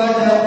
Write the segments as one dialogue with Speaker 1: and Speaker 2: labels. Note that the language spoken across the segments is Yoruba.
Speaker 1: ربنا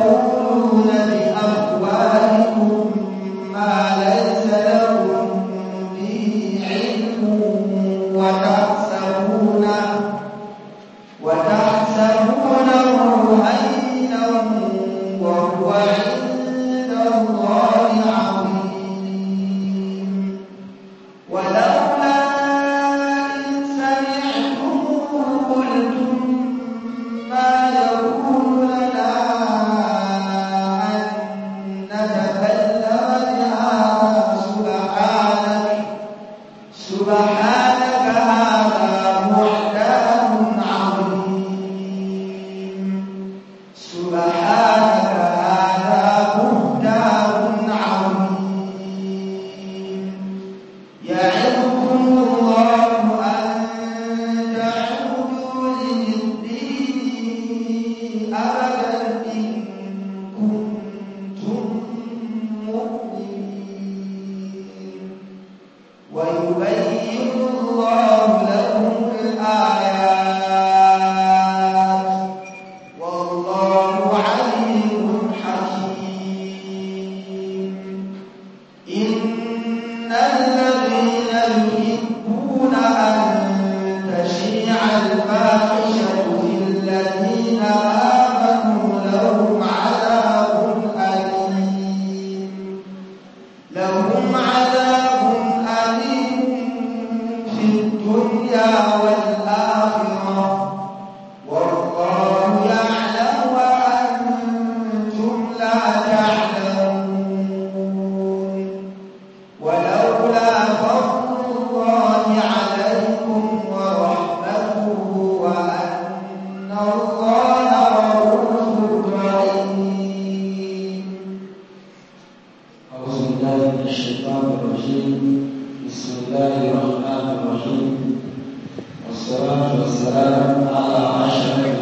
Speaker 2: والسلام على أشرف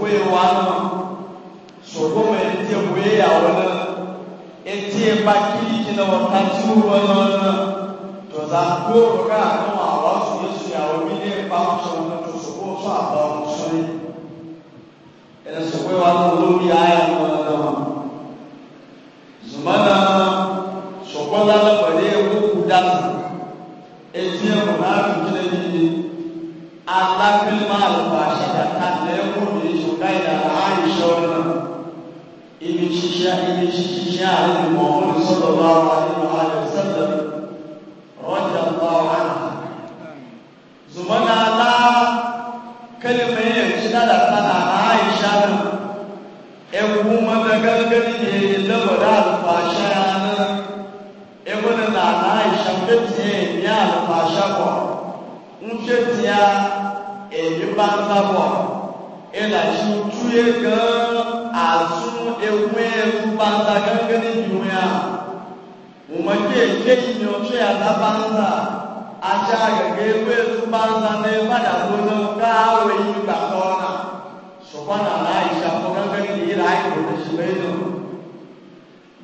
Speaker 3: sɔkpɛ wa nɔ sɔkpɛ mɛ ɛtiɛ boye yawo nɔ ɛtiɛ e ba kiri kyinɛ wɔ tati wɔ nɔ nɔ tɔza ko ka nɔ awɔ sɔnyɛ sɔnyawo mi ne ba sɔn nɔ tɔ sɔkpɛ sɔ abɔ sɔn e e yi ɛnɛ sɔkpɛ wa nɔ lóbi ayɛ nɔ nɔ zuma nɔ sɔkpɛ la nɔ pɛlɛ ewu kuda nɔ ɛtiɛ mɔ n'a tun kyerɛ yi alakilima alba. in shi sha in shi sha alaihi muhammad sallallahu alaihi wa alihi wasallam radiyallahu anhu zumana la kalmar yin shi da tana aisha nan e kuma da gangani ne da bada alfasha nan e kuma da aisha bete ya alfasha ko in ce tiya e yi banza ko ila shi tuye gan ekwe mbanda gangani juya umake keyi nyɔtɔ ya na banza atsa gege ekwe banza ne bada gbɔdɔ e yi gba kɔna sɔgbɔna la isafɔ gangani de yi la ayi wòle si be yinɔ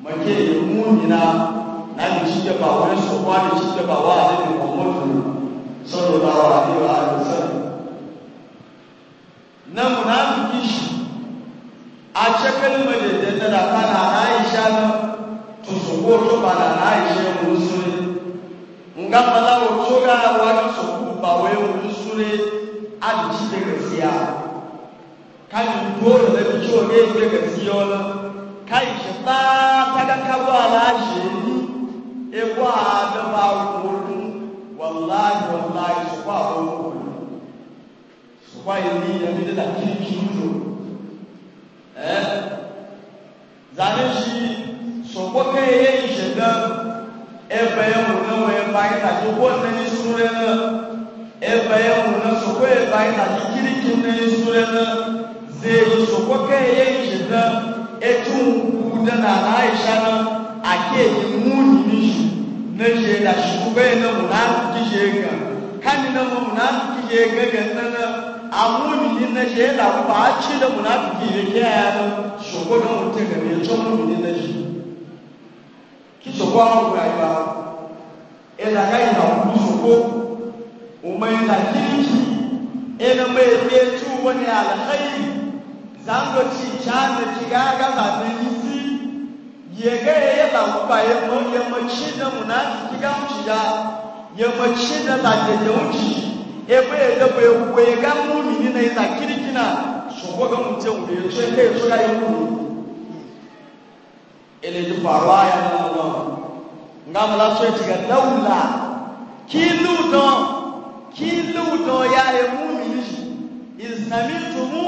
Speaker 3: make emu nyina na le si te ba wòle sɔgbɔ não, é te ba wa ale de kɔmɔ tu Só la wa ale wa não, sɔlɔ de munafiki si. a ce kalmar da ta da ta na aisha na to su ko to na aisha musu ne nga mala o to ga wa su ku ba wai musu ne a ji da gaskiya kan dole da ki ciwo ne da gaskiya na kai shi ta ta ga ka ba na shi e ba da ba ku wallahi wallahi su ba ku su ba zane
Speaker 2: shi
Speaker 3: soko kai ya yi shiga ebe e ya muna wani e bayan da ke kowace ni sure e na ebe ya muna soko ya bayan da ke kirkin na yi sure na zai yi soko kai ya yi etu etin kuda na aisha na ake yi muni ni shi na shi da shi kuma ya na muna kije ga kan na muna kije ga ganna na amumini na shi yana ba ci da munafiki ya kiyaye nan shugunan mutum ga mai cin mumini na shi ki shugo an rayuwa ina ga ina kudu shugo umai na kirki ina mai betu wani alkhairi zango ci cana ci gaga zanen isi ya ga ya yi lamuba ya maci da munafiki ga wuci da ya maci da zanen ya wuci ekwe edekwa ekwukwe ga mmụmi na ịza kiriki na sọgwọgọ mụte wuri eto ebe eto ya iwu eleji faru ahịa n'ụlọ nga mụla so echi ga laula kilu dọ kilu dọ ya emumi nishi iznamitumu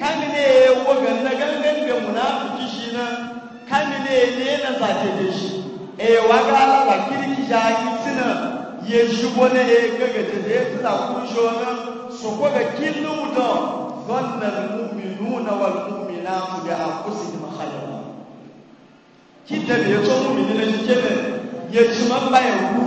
Speaker 3: kani ne ewo ganna gangan ga munafiki shi na kani ne ne na zake da shi ewa ga ala kiriki ya yi sinan ye jibo ne e gaga de de la kujo na so ko ga killu da dhanna na wal mu'minatu bi anfusihim khayran kidda be to mu'mini ne kebe ye jima ba ye ku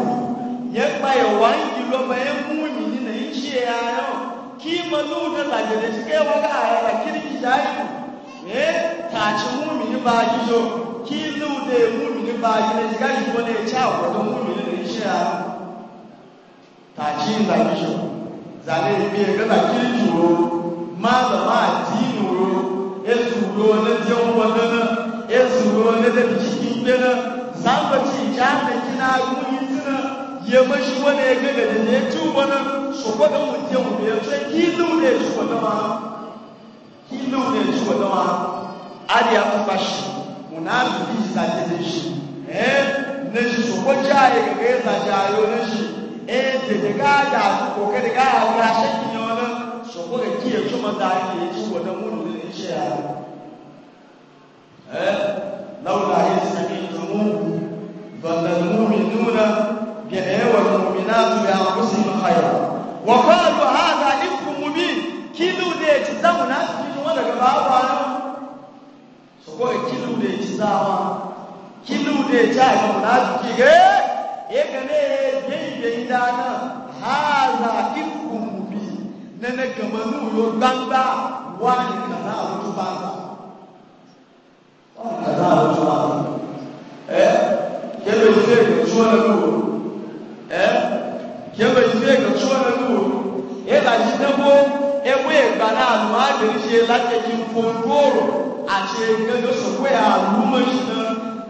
Speaker 3: ye ba ye wan kilo ba ye mu'mini ne yice ya no ki manu da la de shike wa ga ya kirki jayi eh ta ci mu'mini ba jijo killu de mu'mini ba jijo ga jibo ne cha wa da mu'mini ne yice ya tashin zaki e e shi zane ne biyan gaza kirki ro na jan wadana ya na da cikin gana samba ci kina gumi tuna ya mashi wani ya gaga da ne ci wani su kwada mutum da ya ce kilo ne su kwada ma kilo ne eh tete ga da ko kada ga ya shakki ne wannan so ko ga kiye kuma da ne ya ci wannan mun ne shi ya eh laula yasmi'tumu ظل المؤمنون والمؤمنات بأنفسهم خيرا
Speaker 2: وقالوا هذا
Speaker 3: إفك مبين كيلو دي تزاونا كيلو ولا غباوا سوكو كيلو دي تزاوا كيلو دي جاي منافقي egane gbẹ̀yìngbẹ̀yìn dáná haza ikùn bi nene gẹ̀mọ̀nù yóò gbangba wà ní kàná àwùjọ bá wà.
Speaker 2: wọ́n kàná àwùjọ bá wà. ẹ
Speaker 3: kẹlẹ ìfẹ́ ìgbẹ̀tú ọ̀nà lò ẹ kẹlẹ ìfẹ́ ìgbẹ̀tú ọ̀nà lò ẹ làjì dẹ́gbó ewé ìgbà náà lò á lè ṣe láti ẹ̀jẹ̀ fòǹdóró àti ẹ̀gbẹ́ lọ́sọ̀kọ́ ẹ̀ àlùmọ̀ ìṣẹ́ náà.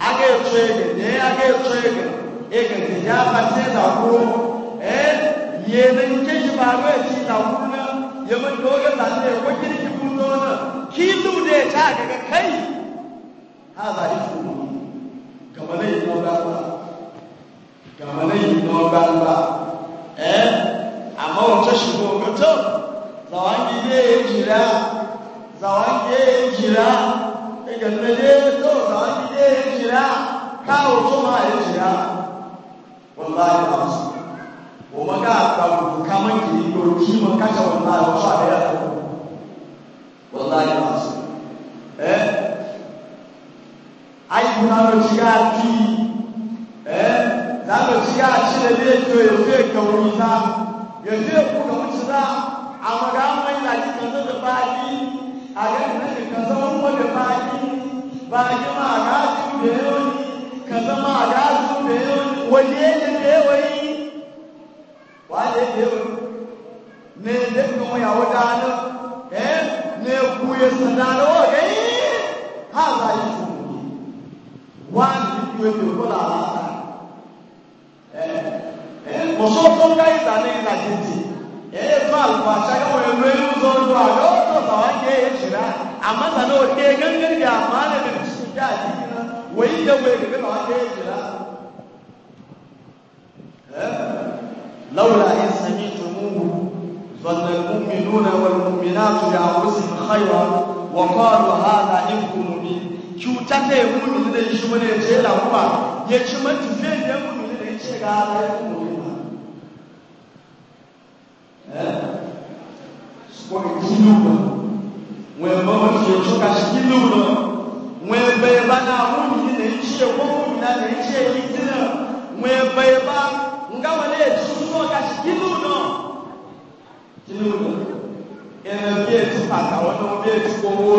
Speaker 3: aka etu ege ne aka etu ege ege eh, ke ya pase da ku eh ye ne ke ji ba ga e ti da ku na ye mun do ga da ne ko ki ki ku do na ki du de ta ga ga kai ha ba di ku ga ba ne no ba ba ga ba ba eh amma wata shigo mutum zawangi ne ya e jira zawangi ya e jira
Speaker 2: ìjẹ̀lẹ̀lẹ́
Speaker 3: àwọn ọ̀gá mọ́ ìlàjì kan tó ti bá yí àgẹ́gẹ́ kan tó ń mọ́ ti bá yí baji ma ga su da yoni kaza ma ga su da
Speaker 2: yoni waje ne da yawai
Speaker 3: waje da yawai ne da kuma ya wada na eh ne ku ya sadara wa ha za yi su wani ku ya ke kula a eh kòsó tó ń ká ìsàlẹ̀ ìlàjèjì èyí tó àlùfàṣà yóò wọ ẹnu ẹnu tó ń lo àlọ́ tó sàwọn jẹ́ èyí ṣìlá àmọ́ sàlẹ̀ òde gẹ́gẹ́ bí àmọ́ àlẹ́ bẹ̀rẹ̀ da addini na wai da wai ga ba ta yi jira laula in samitumuhu ظن المؤمنون والمؤمنات بأنفسهم خيرا وقالوا هذا إفك مبين cutar da ya mumini da shi wani ya ce lamuwa ya ci mantufe da ya mumini da ya ce ga ala ya mumini ba su kwa kilu ba wani ba wani ya cuka shi kilu ba mwembe ba na wuni e e ne nche wuni na ne nche yidina mwembe ba nga wale suno ka shikinu no kinu no ene bie tu pata wono bie tu kowo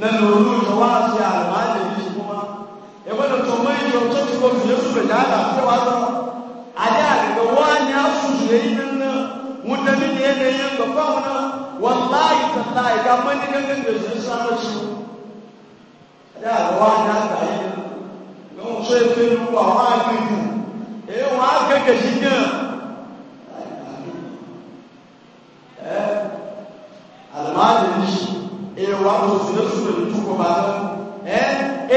Speaker 3: na no ru no wa si alwa le bi kuma e wono to mai yo to ti ko yesu be da da se wa so ade ale ko wa ni asu ye yidina mutami ne ne yin ko fa wono wallahi tallahi ga mani gangan da sun ẹ̀dá àwọn àdáàgbà yìí lóhun sọ èké lóko àwọn àgbègbè èyí eu àgbègbè sí náà ẹ àlùmáàdì yìí èyí eu àgbègbè lóṣù èyí tó kọ bá lọ ẹ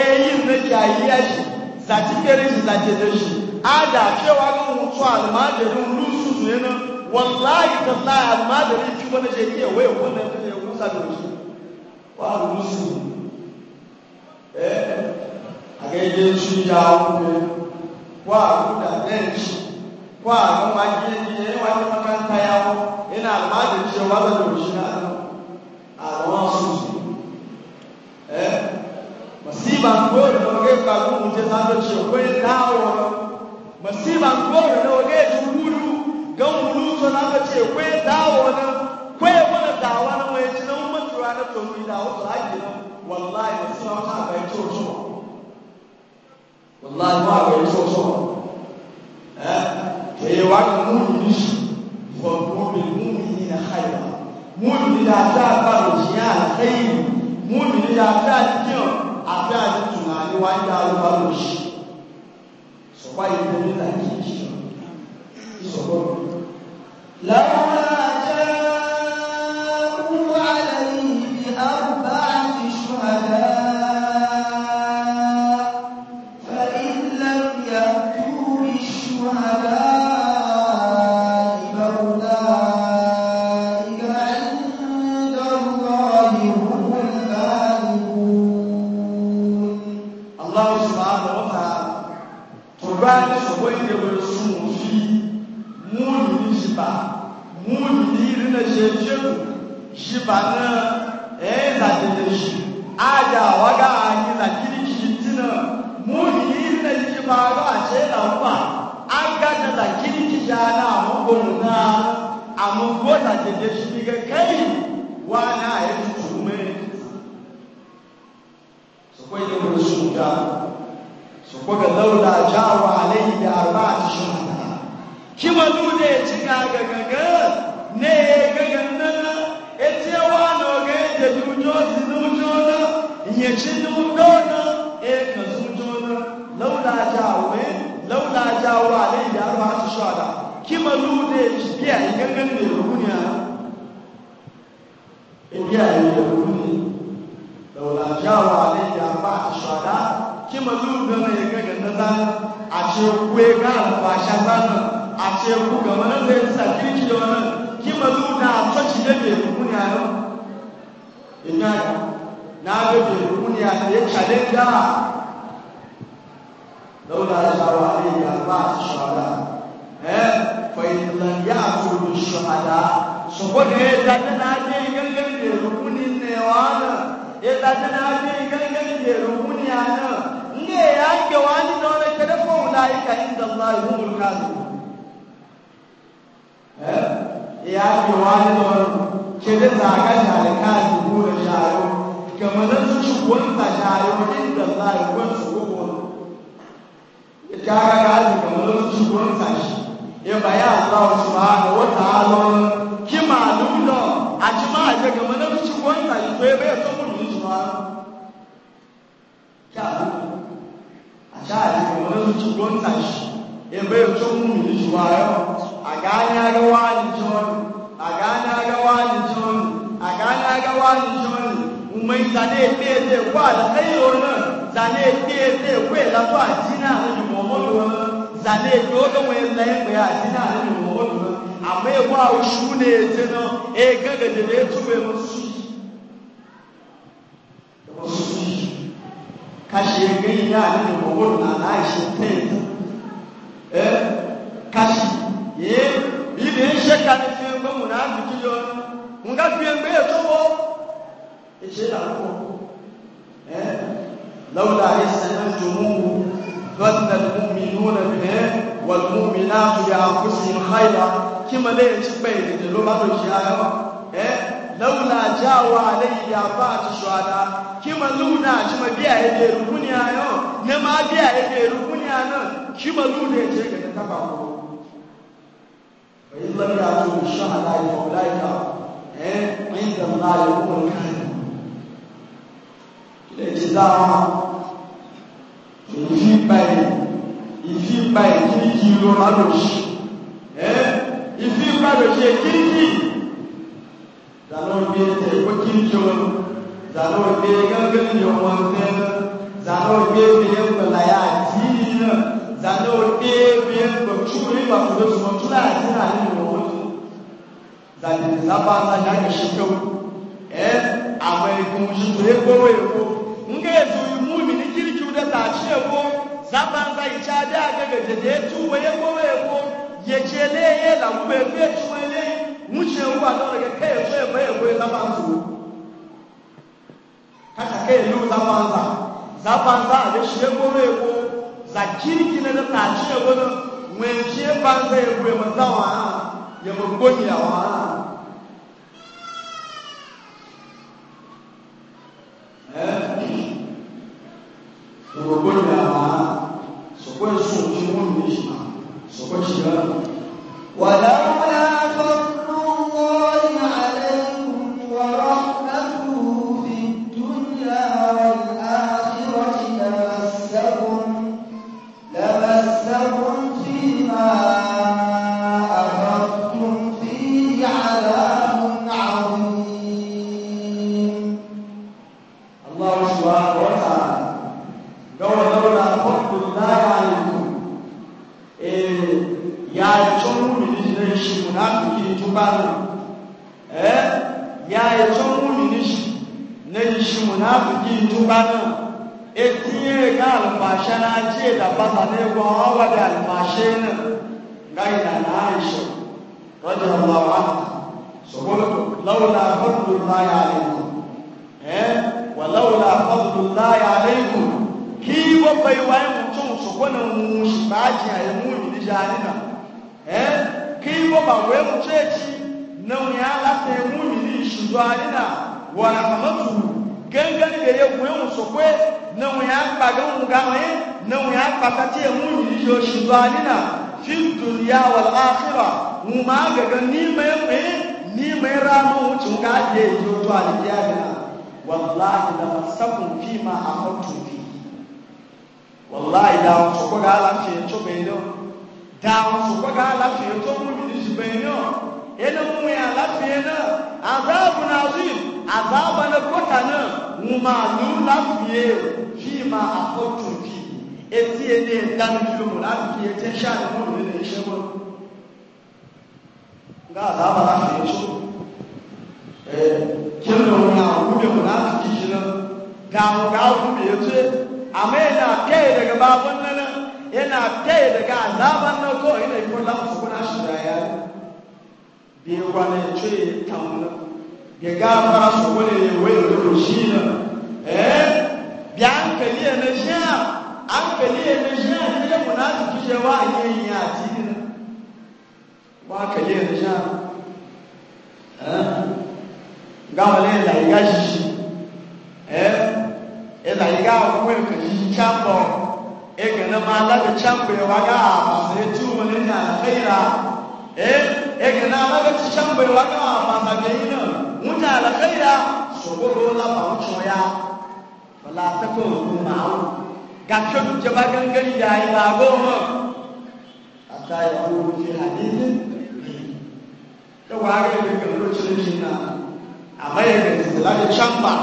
Speaker 3: èyí méjì ayé ẹsẹ sàtìkẹrì sí sàtìkẹrì àdà àfẹwà lóhun tó àlùmáàdì lóhun lóṣù yẹn náà wàláyé tọ́lá àlùmáàdì yìí tí wọ́n lè ṣe kí ẹ̀wọ́ ẹ̀wọ́ náà ẹ̀wọ́ sàtìkẹrì wà lóṣù yìí. é agende shuja uwe kwa kuda bench gente. kuma gidi ne wani makanta yawo ina almajin cewa ba da shi na a ruwan su eh masiba ko da wage ka ku mutje ta da ce ko ne dawo masiba ko da não juru gan mulu so na da ce ko dawo na ko ya wani dawo na mai cinan mutuwa na to mu dawo su haƙi na wallahi wasu na wata abai coco
Speaker 2: wallahi ma abai
Speaker 3: coco eh ke yi wa ka muni ni shi wa muni muni ni na haira muni ni da ta ba da shi ya alkhairi muni ni da ta jikin abin a ji tunani wa ya ba da shi
Speaker 1: so ba yi da ni da ke shi so
Speaker 3: ba da dede shi ga kai wa na ya tutu me su kwai da wani shuga su kwaga laula jawa alayhi da arba'ati shuhada kima dude ya ci gaga gaga ne gaga nan etewa na oge da dujo zinujo na nyechi nudo na e kazujo na laula jawa laula jawa alayhi da arba'ati shuhada kima lude biya gangan ne rubunya
Speaker 2: biya ne rubuni
Speaker 3: daula jawa ne ya ba shada kima lude ne gangan da ta a ce kuwe ga ba sha ba a ce ku ga mana da sa kirki da wannan kima lude de tsaci da ne rubunya ne ina na ga ne rubunya da ya challenge daula jawa ne ya ba shada Eh, fa'ilan ya abu shahada su kwada ya zaɗi na ake gangan da rukunin ne wa nan ya zaɗi na ake gangan da rukuni a nan ne ya ake wani da eh, wani kada fa'u la'ika inda Allah ya humul kazu ya ake wani da wani kada zaga shari kazu gura shari kamar nan su kwanta shari inda Allah ya kwanta su kwanta ya kaga kazu kamar nan su kwanta shi yaba ya Allah subhanahu wa ta'ala ki malum da a ci ma a ga mana ci wanda yi ko bai so mun yi su ma ka a ja ji mana ci wanda shi e bai so mun yi su ma a ga ya ga wani jon a ga ya ga wani jon a ga ya ga wani jon umai zane pe pe kwa da kai ona zane pe pe kwa da to ajina ni mo mo zane do ga mu yalla yin ba ya dina ne mu wani amma ya kwa shu ne ya ce na e ga ga da ya tube musu kashi ya gani ya ne mu wani na e e na shi kai e eh kashi ye ibe she ka ne fi ba mu na biki yo mun ga fi en be wo e she la ko eh laula istamajtumuhu ظن المؤمنون به والمؤمنات بأنفسهم خيرا كما لا يتبين لو ما تشاهد لولا جاءوا عليه أربعة شهداء كما لونا كما بيا يدي ركنيا نما بيا يدي ركنيا كما لونا يجيك نتبعه فإن لم يأتوا بالشهداء فأولئك عند الله يكون الكاذب ìfi báyìí ìfi báyìí kiriki ló má lò sí ẹ ìfi bá lò sí kiriki zàlọ́ bí ẹ tẹ̀ kó kiriki wọn zàlọ́ bí ẹ gángan ní ọmọ ẹ zàlọ́ bí ẹ bí ẹ gbọ̀là yà dì í nà zàlọ́ bí ẹ bí ẹ gbọ̀ tú nígbà tó lọ sùn tó láyà sí náà nínú wọn tó zàlọ́ sábà sáyà kẹsíkẹ́ wọn ẹ àwọn ẹ̀gbọ́n oṣù tó yẹ kó wọ́n èkó ń gé ètò ko zabanza ichade agegeje yetu weyewo weyewo yeceleye la kubebe chuele muche uwa dole ke ke we we we zabanzu kaka ke lu zabanza zabanza de shego weyewo za kiriki na ta shego na mwenje banza yewe mazawa ya mgoni ya wa gbogbo ní àmà sọ̀kọ́ ìṣòwò tí
Speaker 2: wọ́n ń lè ṣe sọ̀kọ́ ìṣẹ́
Speaker 1: wà láwọn
Speaker 3: wàláwùlà fọ́dùláyà àlẹ́kùn ẹ́ wàláwùlà fọ́dùláyà àlẹ́kùn kí wọ́n bẹ ìwà ẹ̀mú tó ń sọ̀kọ́ ní ohun ṣùgbáàjì àyẹ̀mú ìdíjà nínà ẹ́ kí wọ́n bà wọ́ ẹ̀mú tó ẹ̀kí náà ní aláṣẹ ẹ̀mú ìdí ìṣùjọ nínà wọ́n àmọ́tù gẹ́gẹ́ ní ẹ̀yẹ wọ́ ẹ̀mú sọ̀kọ́ náà ní agbàgbẹ́hùn gáwọn yẹn náà ní agbàkàtì ẹ̀mú ìdíjọ ìṣùjọ nínà fi dùnìyà wọ̀ ni mai ramu wucin ka ke yi to alkiyama wallahi da masakun fi ma a mutu fi
Speaker 2: wallahi da wasu ko
Speaker 3: ga alafi to bai ne da wasu ko ga alafi to mu bi shi bai ne ina mu ya alafi na azabu nazim azaba na kota na mu ma lu lafiye fi ma a mutu fi eti ene dan mu lafiye ta sha mu ne shi mu
Speaker 2: E, ga azaba na ka
Speaker 3: yaso eh kin no na ku da e na ki jina ga mu ga ku da yaso amma yana kai daga babun nan yana kai daga azaban nan ko ina ko la ku na shi da ya bi wani ce tamu ga gafara
Speaker 2: su wani e, ne wai da ku shi na eh bi an kaliya na sha
Speaker 3: an kaliya na sha ne mu na ki jewa yin ya ti waka je da sha ga wale da eh e da iga ko ka shi chambo e ga na ma la da chambo ya waga ba eh e ga na ma da chambo ya waga ba ma la khaira so la ba wucho ya wala ta ko ku ma ga ko je ba da ware da kan lokacin na a bayyana istilahi chamba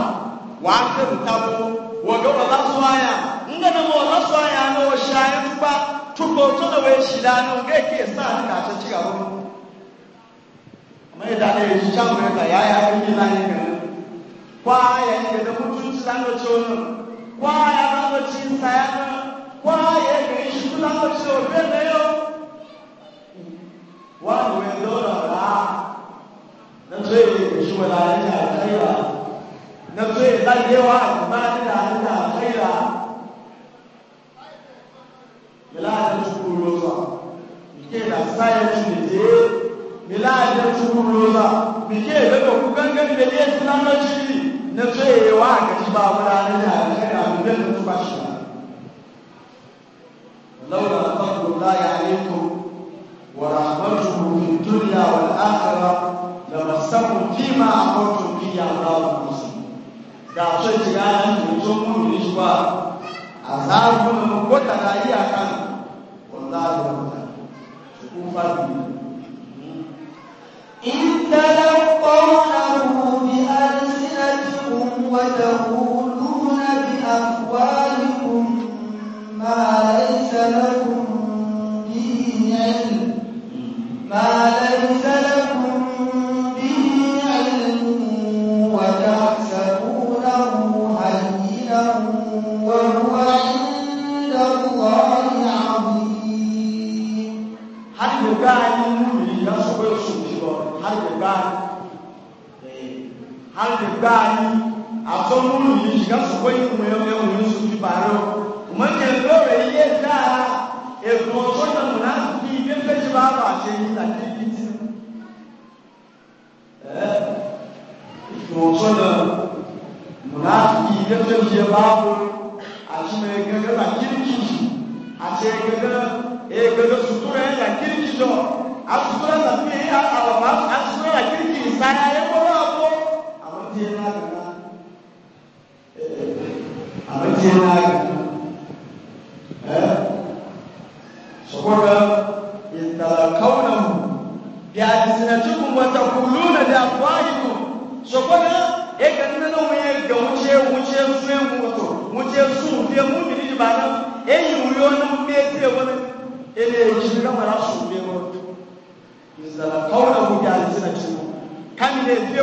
Speaker 3: wa ta mutabo wa ga wala suaya inda na wala suaya na wa shayin ba tuko to da wai shida na ga ke sa ni ka ta ci gaba mai da ne chamba ka ya ya ni na ne kwa ya ne da mutunci san da chono kwa ya ba ba cin sa ya kwa ya ga shi kula ba so be ne yo na so ya shi wala da kaira na so ya zagewa kuma da da kaira milada
Speaker 2: shukuroza
Speaker 3: ke da science ne je milada shukuroza bike da ko ku gangan da ne sunan na so ya wa ka ji ba wala da kaira mu da su ba shi
Speaker 2: لولا فضل
Speaker 3: الله عليكم ورحمته في الدنيا والآخرة لمسكم فيما أمرتم به عذاب مسلم da so ti ga ni ko to mu ni suwa azabu no ko ta ga iya kan wallahi ta ku fa ni
Speaker 1: in talaqawnahu bi alsinatikum wa taquluna bi aqwalikum ma laysa lakum bihi ilm ma laysa lakum الله العظيم
Speaker 3: هل يبان يصبر سبحانه هل يبان
Speaker 2: هل يبان
Speaker 3: àtọ́múlù yìí ṣìkà sọ̀kọ́ ìkùnmọ̀ ẹ̀wọ̀n ẹ̀wọ̀n ní sùn ti bàárẹ̀ o mọ̀jẹ̀ lóore yé dáa èkó sọ́jà múná bí ilé méjì bá bà ṣe yí láti ibi tí èkó sọ́jà múná bí ilé méjì bá bọ̀ àti mẹ́gẹ́gẹ́ bá kí ní sùn àti ẹgbẹ̀gbẹ̀ ẹgbẹ̀gbẹ̀ sùtúrẹ̀ ẹ̀yà kíríkì jọ asùtúrẹ̀ tàbí ẹ̀yà àwọ̀bá asùtúrẹ̀ ẹ̀yà kíríkì ìsáyà ẹgbọ́n àpọ̀ àwọn tí ẹ náà gbà
Speaker 2: àwọn tí ẹ náà gbà ẹ
Speaker 3: sọgbọ́dọ̀ ìtàlákàwọnà mu bí a ti sinà tí kò wọ́n takò lónà dé àpò àyíkò sọgbọ́dọ̀ ẹgbẹ̀ nínú wọn yẹ gà wọ́n tiẹ̀ wọ́n tiẹ̀ sún ẹ̀ wọ́n tó wọ́n tiẹ̀ sún fún ẹ̀ mú mi níbi bàtà wani mete wani ele shi ga mara su ne wani misala kauna ku ga alisina ciwo kan ne fiye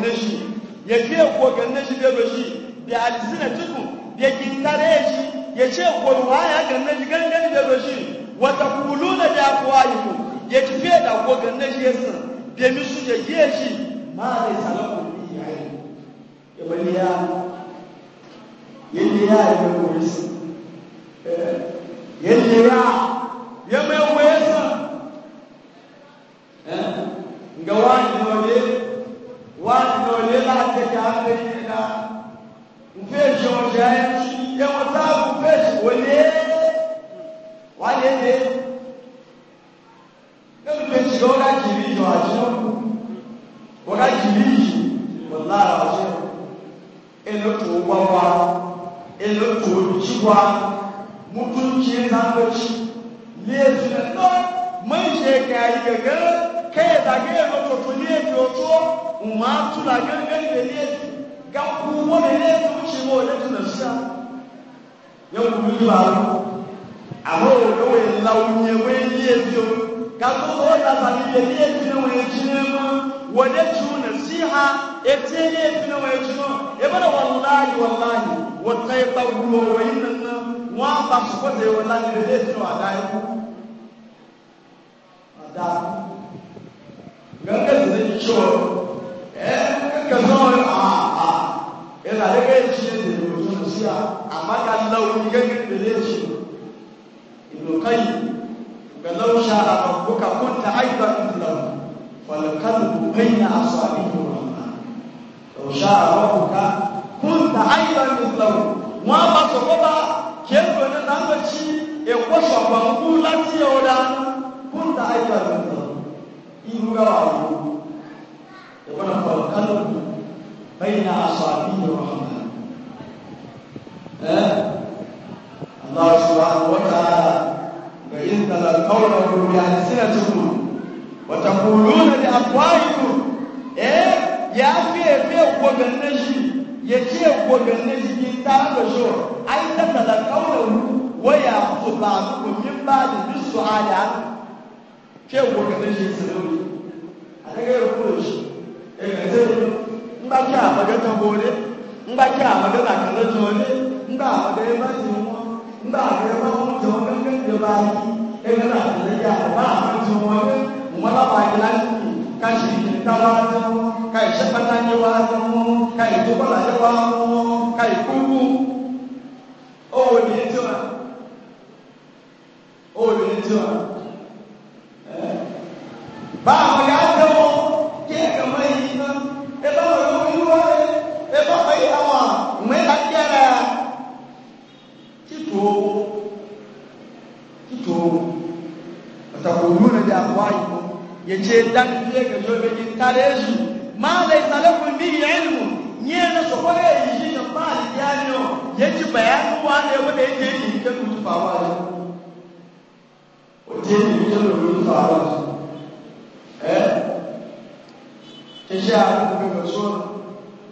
Speaker 3: na shi ya fiye kogan na shi bebe shi da alisina ciwo ya gintare shi ya ce kowa ya ganna shi gangan bebe shi wata kulu na da kuwa yi ku ya ci fiye da kogan na shi ya sa da misu ya giye shi ma ne salamu ya yi ya bari ya yi ya yi ya yi yenyeya yemeweza eh?
Speaker 2: nga wandinoye wandinoye latekaapenyena
Speaker 1: mfeshonjae yemotaku mfeshi wonye wayende
Speaker 3: nemfeshile okajibijo achinoku okajibijo wallahi wachino enotuugwakwa enotuolukigwa mutunci na lokaci laifi na nan mai je ga yi gaga kai da ga yi makoto laifi wato ma tula gangan da laifi ga kuma da laifi wuce ma wajen tuna shi yau da wuli ba amma wanda wai launye wai laifi ka zo zo da sani da laifi na wai jini ma wajen tuna siha ya ce laifi na wai jini ya bada wallahi wallahi wata ya tsawo wa yi nan wọ́n bá sọ́kọ́tẹ̀ wọn láti lè lé sínú àdá ikú àdá gẹ́gẹ́ sì ní ṣọ́ ẹ́ gẹ́gẹ́ sọ́ọ́ àà ẹ̀rọ àdẹ́gẹ́ ìṣe ìdèrò òṣèlú sí àmàkà lọ́wọ́ gẹ́gẹ́ lè lé sínú ìlú káyì gbẹ̀lọ́wọ́ ṣára ọ̀gbọ́kà kó ta àìgbà ìlànà fọlẹ̀kálùkù bẹ́yìn àṣọ àbíkò rọ̀ ọ̀ṣára ọ̀gbọ́kà kó ta àìgbà ìlànà wọ́n bá sọ́kọ́ bá kéèkó ní nàmbàtí èkó sọ̀gbọ̀nkú láti ọ̀dà kúndà ayélujára lọ́dọ̀ irú ẹ̀ wà lọ́wọ́ èkó nà kọ̀ kánò bẹ́yìn náà aṣọ àbíyẹ wà hàn ẹ́ aláwọ̀ sọ̀rọ̀ àwọn wọ́tà bẹ́yìn nàlá kọ́wọ́ náà lórí àìsíyà tuntun wọ́tà kúlúù nàlẹ́ àpò àìkú ẹ́ yàá fi yace goganne cikin ta da shi ai ta da kaurin waya ku ba ku min ba da bisu ala ke goganne shi sirri a daga yau ku shi e ga zai in ba ki a magana gore in ba ki a magana kana jole in ba a ga ba ji mu in ba a ga ba mu to gangan da ba ki e ga na da ya ba mu to mu mu la ba ki lan ka shi ta wa ta ka ìṣẹ́pátá yẹ wá mú ka ìdókòlà yẹ wá mú ka ìkúkú owó ní etí wa owó ní etí wa báà mo yà á tẹ wọn kí ẹ kàn máa yí iná ẹ bá wọn lọ wí wá ẹ bá wọn yí àwọn mọ ẹ bá kí ẹ rà kító kító ọ̀tàkùn òwúrò ní àpò àyè yẹ kí ẹ dá kí ẹ kàn yọ ẹ bẹ kí n tá ma laysa lakum bihi ilmun nyena sokoga yijinyo pali yanyo yeji bayanu wande wode yejeni ke kutu fawaje ojeni yijelo kutu fawaje eh kisha kutu sona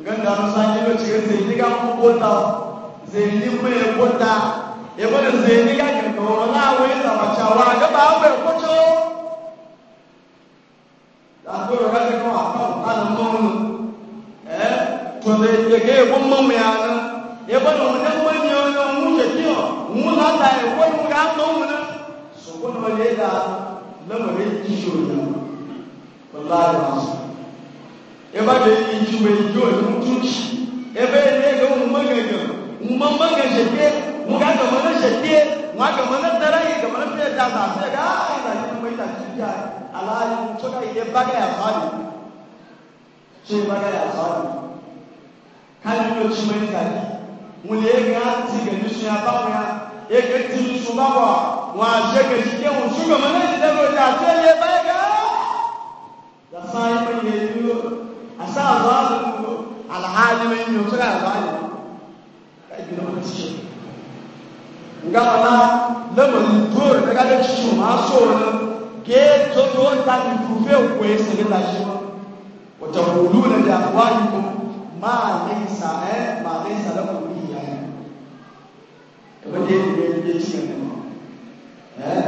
Speaker 3: nganda musanje lo chigeze ndiga mukota zeni mwe kota yebole zeni ga kekoro na weza machawa ga bawe kocho Agora yege ye wọ́n mọ̀mọ́ ya nọ yẹbọ ní wọn dẹ́n wọ́n yẹ ọ́nà wọn yẹ kí ọ wọn náà ta yẹ wọ́n wọn yà mọ̀ wọn náà sọ̀kọ́ náà lè da lẹ́mọ̀ lè ti ṣe òyìnbó wọn bá yà wọn sọ yẹbọ lè yi ju wẹ̀ yi yóò ní tún ṣì yẹbẹ lè yẹ wọn mọ̀ gẹ̀gẹ̀ wọn mọ̀ mọ̀ gẹ̀gẹ̀ pé wọn kà gàmọ́ náà ṣe pé wọn gàmọ́ náà tẹ̀lé yẹ gàmọ́ náà tẹ̀lé da ta ṣe ká ìlànà ìmọ̀ ìlànà kali lo tsi mɛ ta yi ŋun le eke hã ti ke nusu ya ba ya eke ti nusu ba bɔ ŋun azɛ ke ti ke ŋun su gɔmɔ ne ti tɛ ko ta se le ba yi ka yasa yi mɛ nye yi o asa azɔ azɔ yi o alahali mɛ nye o sɛ ka azɔ ayi o ka yi gbɛdɔ ti se nga wana lɛmɛ duro ne ka de tsi o ma so ne ke toto ta ni fufe o ko ye sɛgɛ la si ma o tɛ wulu ne de a ko ayi ko. ما ليس ما ليس له به علم wanda ya ya ci gaba eh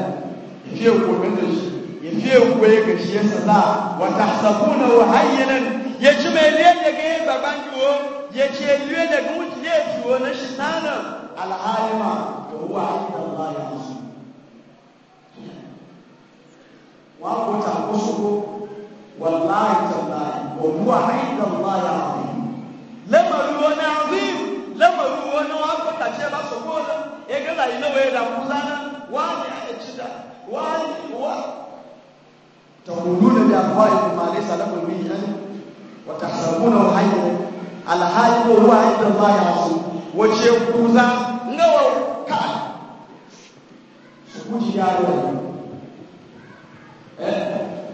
Speaker 3: yafiye gobe da shi yafiye gobe ga shi yasa za wa tahsabuna hayyanan yace mai ne da ga baban duwo yace liye da gutu ne duwo na shitana alhalima to huwa inda Allah ya musu wa ko ta kusuko wallahi tallahi wa huwa inda Allah ya musu wani azim lamarin wani wakon tashe ba su kone ya gaza yi nawa ya damu zana wani ya ci da
Speaker 2: wani wa
Speaker 3: ta hudu da damuwa ya kuma ne salamun biyan wata sabuna wa hanyar alhali ko ruwa inda ba ya su wace kuza nawa ka su guji yaro ne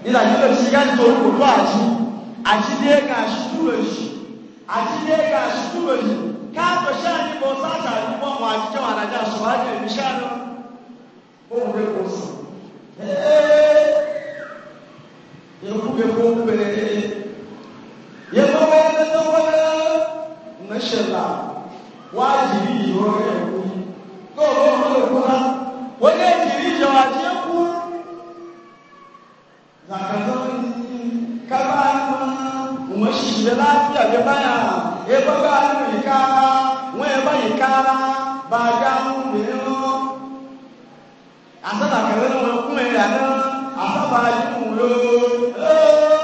Speaker 3: ina yi da shi gani to rubutu a shi a shi dai ga shi tura shi àti ilé ga àṣùkú lòyìn káàtọ̀ ṣáà ní bọ́ sáàtà ní wọ́n wọ́n àti jẹ́ wàdájá ṣùgbọ́n èmi ṣáà lọ ohun rẹ̀ kò sí. Èkú bẹ kó ń pè é. Yẹ́pọ̀ bẹ́ẹ̀ ní sọ́kọ́ náà ń ṣẹlá wá jìrì ìwọ rẹ̀ kú. Kóò bó wọn lè kú ná. Wọ́n yẹ jìrì ìjọba àti ẹ̀kú. Zàkàtọ̀ ní kábàámọ̀ ń wọ́n ṣì ṣe láti àgbẹ̀ báyà ebaba anu kara, wọn eba yikara baabi anu mìíràn asọ́nà kẹlẹ́ wọn kún ẹ̀yà náà asọ́nà yìí wúlò ẹ́ẹ́.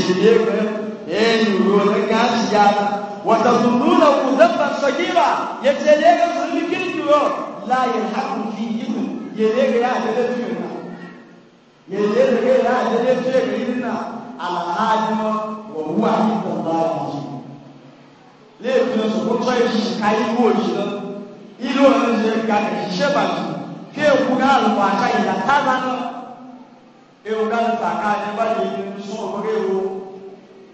Speaker 3: ìṣèlè kan ẹ̀yìn ìrò ní káàkiri ya wata zununa ku dabba sagira ya ce ne ga sun likin duro la ya haku fi yiku ya ne ga ya adada fiye na ya ne ga ya adada wa huwa inda zalimi laifin su kun tsaye shi kayi ko shi ilo nan je shebatu ke kuga alwata ila ta zanen ewu ka nsaka nyaba yi nso wɔ kɔkɛ ewu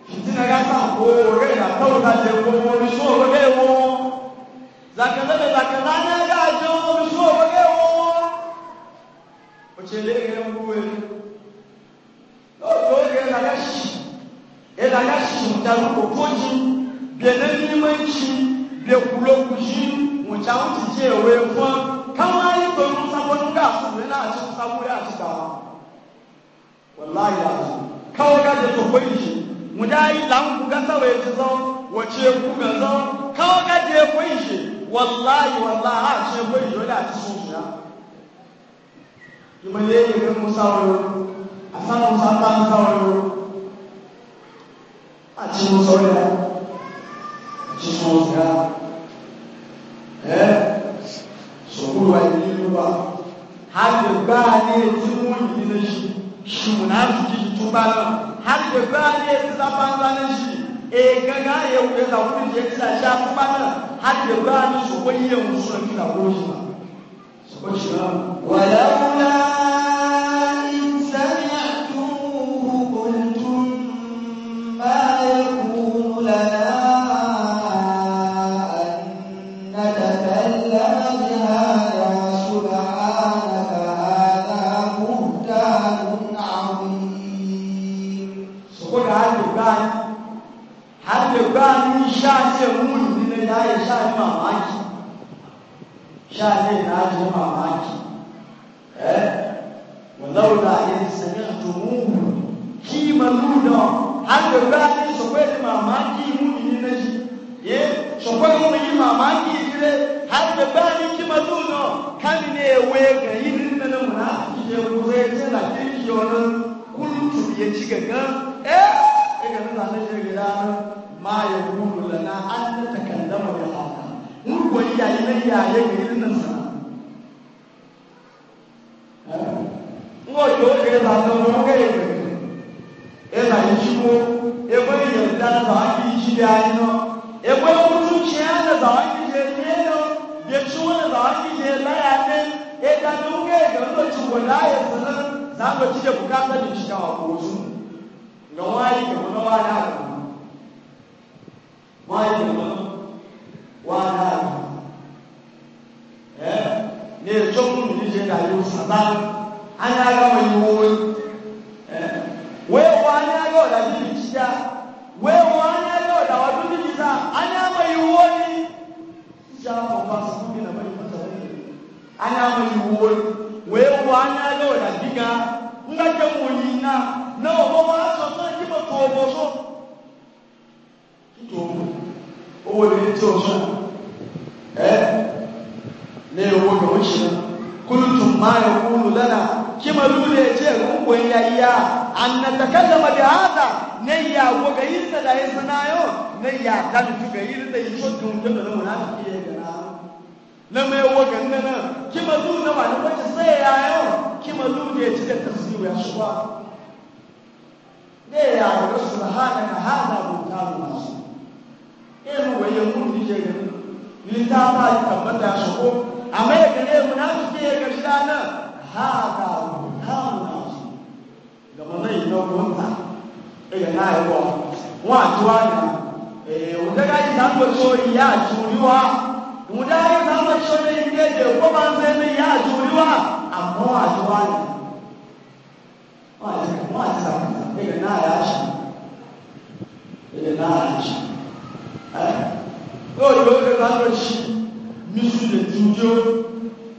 Speaker 3: fitina ka sa nko kɔkɛ yata wɔ ka jɛ nko nso wɔ kɔkɛ ewu zakana bɛ zakana ne ka jɛ nko nso wɔ kɔkɛ ewu o tse le kɛ nko ye lɔtɔ kɛ la ka si e na ka si da o ko dzi bie ne ni me dzi bie kulo ku dzi ŋutsa ŋutsi dzi ewe fɔ kama yi tɔ nusabɔ nuka su ne na ati nusabu ya ati ta wa wallahi ya ji kawai ka je to kwai shi mu da lan ku ga sawa ya ji zau wace ku ga zau kawai ka je kwai shi wallahi wallahi ha ce kwai shi wala ci sun ya kuma ne ne ga musa a
Speaker 2: san musa ta musa wani a ci musa wani a ci sun ya eh so kuru a yi ba
Speaker 3: har da ba ne tun wani shi munafiki tuba nan har da gane ta banzanin shi e gaga ya wuce da wuce ya isa sha kuma nan har da gane su wani ya musulmi
Speaker 1: walaula
Speaker 3: شاهد ناجي ماماكي إيه ولولا إذ سمعتموه كي ملودا هل يبالي شوفي ماماكي مؤمنين نجي إيه شوفي مؤمنين ماماكي إيه هل يبالي كي ملودا كان يويك ينن نمنا يوزي جنا كي يونا
Speaker 2: كل تبيتي كنا
Speaker 3: إيه إيه كنا نجي كنا ما يقولون na yaye gari nan sa ngo yo ke la so no ke jayo saba ana ga wani wuri wewa ana ga wada jini shida wewa ana ga wada wadu jini za ana mai wuri ja ko ba su ne na mai mata ana mai wuri wewa ana ga wada na na obo ba so so ki ba ko obo so ki eh ne obo no shi ما يقول لنا كما لولا يجي وين يا أن نتكلم بهذا نيا وغير لا يسنايو نيا كان في غير لا يشوفون كده منافقين لما يوقع لنا كما لولا ما نقول سيا كما لولا يجي تفسير يا شباب ne ya ga subhana na hada butalu masu irin wayan mun dije ne ni ta ba tabbata shi ko amma ya gane munafiki ya gashi ranar ha ka ha munafiki gama mai nau'unta ya na yawa wọn àtiwá ni òǹdẹ́gá yìí náà ń pè so ìyá àtúwíwá òǹdẹ́gá yìí náà ń pè so ní ilé èdè kó máa ń fẹ́ ní ìyá àtúwíwá àmọ́ àtiwá ni wọn àti sàkúta ẹ̀yẹ náà yà á ṣe ẹ̀yẹ náà yà misu le tudio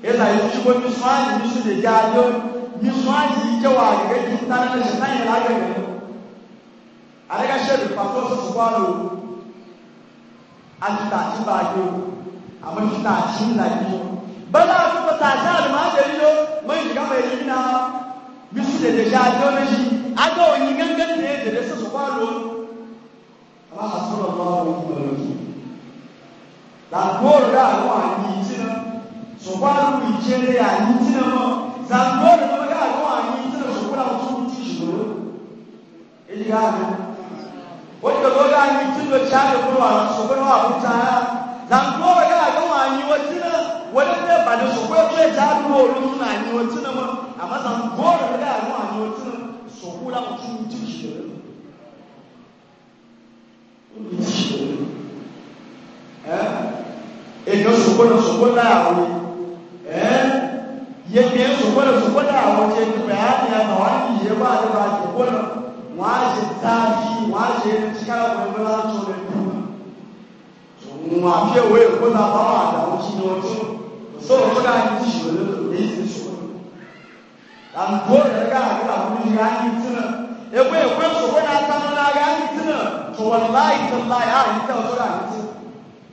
Speaker 3: ela yichiko misu ayi misu le jadio misu ayi yike wa agege kintana na shetan yela agege alega shebi pato soso kwalo ati ta ti ba agyo ama ti ta ti na yi bala akoko ta ti alima agye yi yo mo yi kama eyi na misu le de jadio na yi aga onyi gangan de edede soso kwalo ama hasoro ma wo yi ma lo yi. Zangoro da àwọn àyè ìtinà. Sọ̀kọ́ àrùn ìjẹ́lẹ̀ àyè ìtinà mọ́. Zangoro da wọ́n àwọn àyè ìtinà sọ̀kọ́ àwọn tó ń ti ìṣòro. Èyí ká lọ. Wọ́n ti lọ́gọ́ àyè ìtinà tí a lè kúrò àwọn sọ̀kọ́ náà àbúta. Zangoro da àwọn àyè ìtinà wọ́n ti lè bàdé sọ̀kọ́ ẹgbẹ́ ìjà àdúgbò olóhùn àyè ìtinà mọ́. Àmọ́ zangoro da àwọn àyè ìtinà sọ̀kọ́ àwọn tó ń ti ìṣòro. Ó ń ti ìṣòro èèyàn sòkòlò sòkòlò àwọn yẹmìí sòkòlò sòkòlò àwọn ṣe ní bẹ̀rẹ̀ á ní ẹ̀mọ̀ wá ní ìyẹ́ bá ní bá sòkòlò wọ́n á ṣe táàbí wọ́n á ṣe ṣíkàrà pẹ̀lú láti ṣe lẹ́nu wọn àfi ẹ̀wọ́ èkó náà bá wà àdàwọn sí ní ọdún sọ̀rọ̀ fún náà ní
Speaker 2: ìṣòro lórí ìṣòro sòkòlò
Speaker 3: àǹtó rẹ̀ ká àgbà fún mi ká ní tìǹà ẹ̀wọ́ èkó sòkòlò náà ká tìǹà tòwọ̀n láì tòwọ̀n láì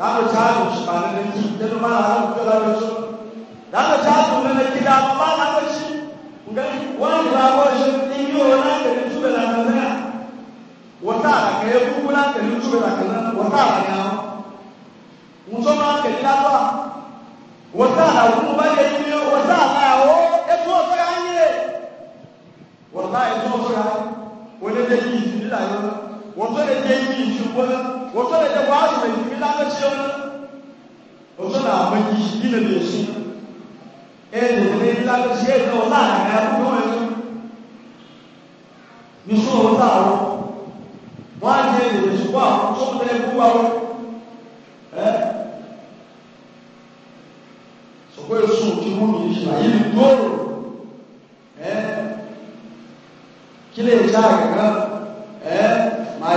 Speaker 3: dado chatu shikana ne chi tenu mala ala kutola rocho dado chatu ne ne kida mala ko chi ngali wani ba ko shi tinyo na ke ne chube la kana wata la ke ku na ke ne chube la kana e wata la ya muso ma ke la ba wata la ku ba ke ni wata la ya o e to so ya ni le wata e to so ya wani de ni ni la yo wata de ni ni shi ko wòtó lè tẹ wàásù lè fi mílá lè tsi ɔnu wòtó lè àwọn yi yi lè lè tsi ɛ lè lè mílá lè tsi ɛ lè wòtó àgàgà yà kó wòtó nusu wòtó àwò wọn adi lè lè tsi kó àwò tó lè kó àwò ɛ sɔkò yẹ sùn tó mú mi yìí ayi lè dóró ɛ kí lè tsi àgàgà.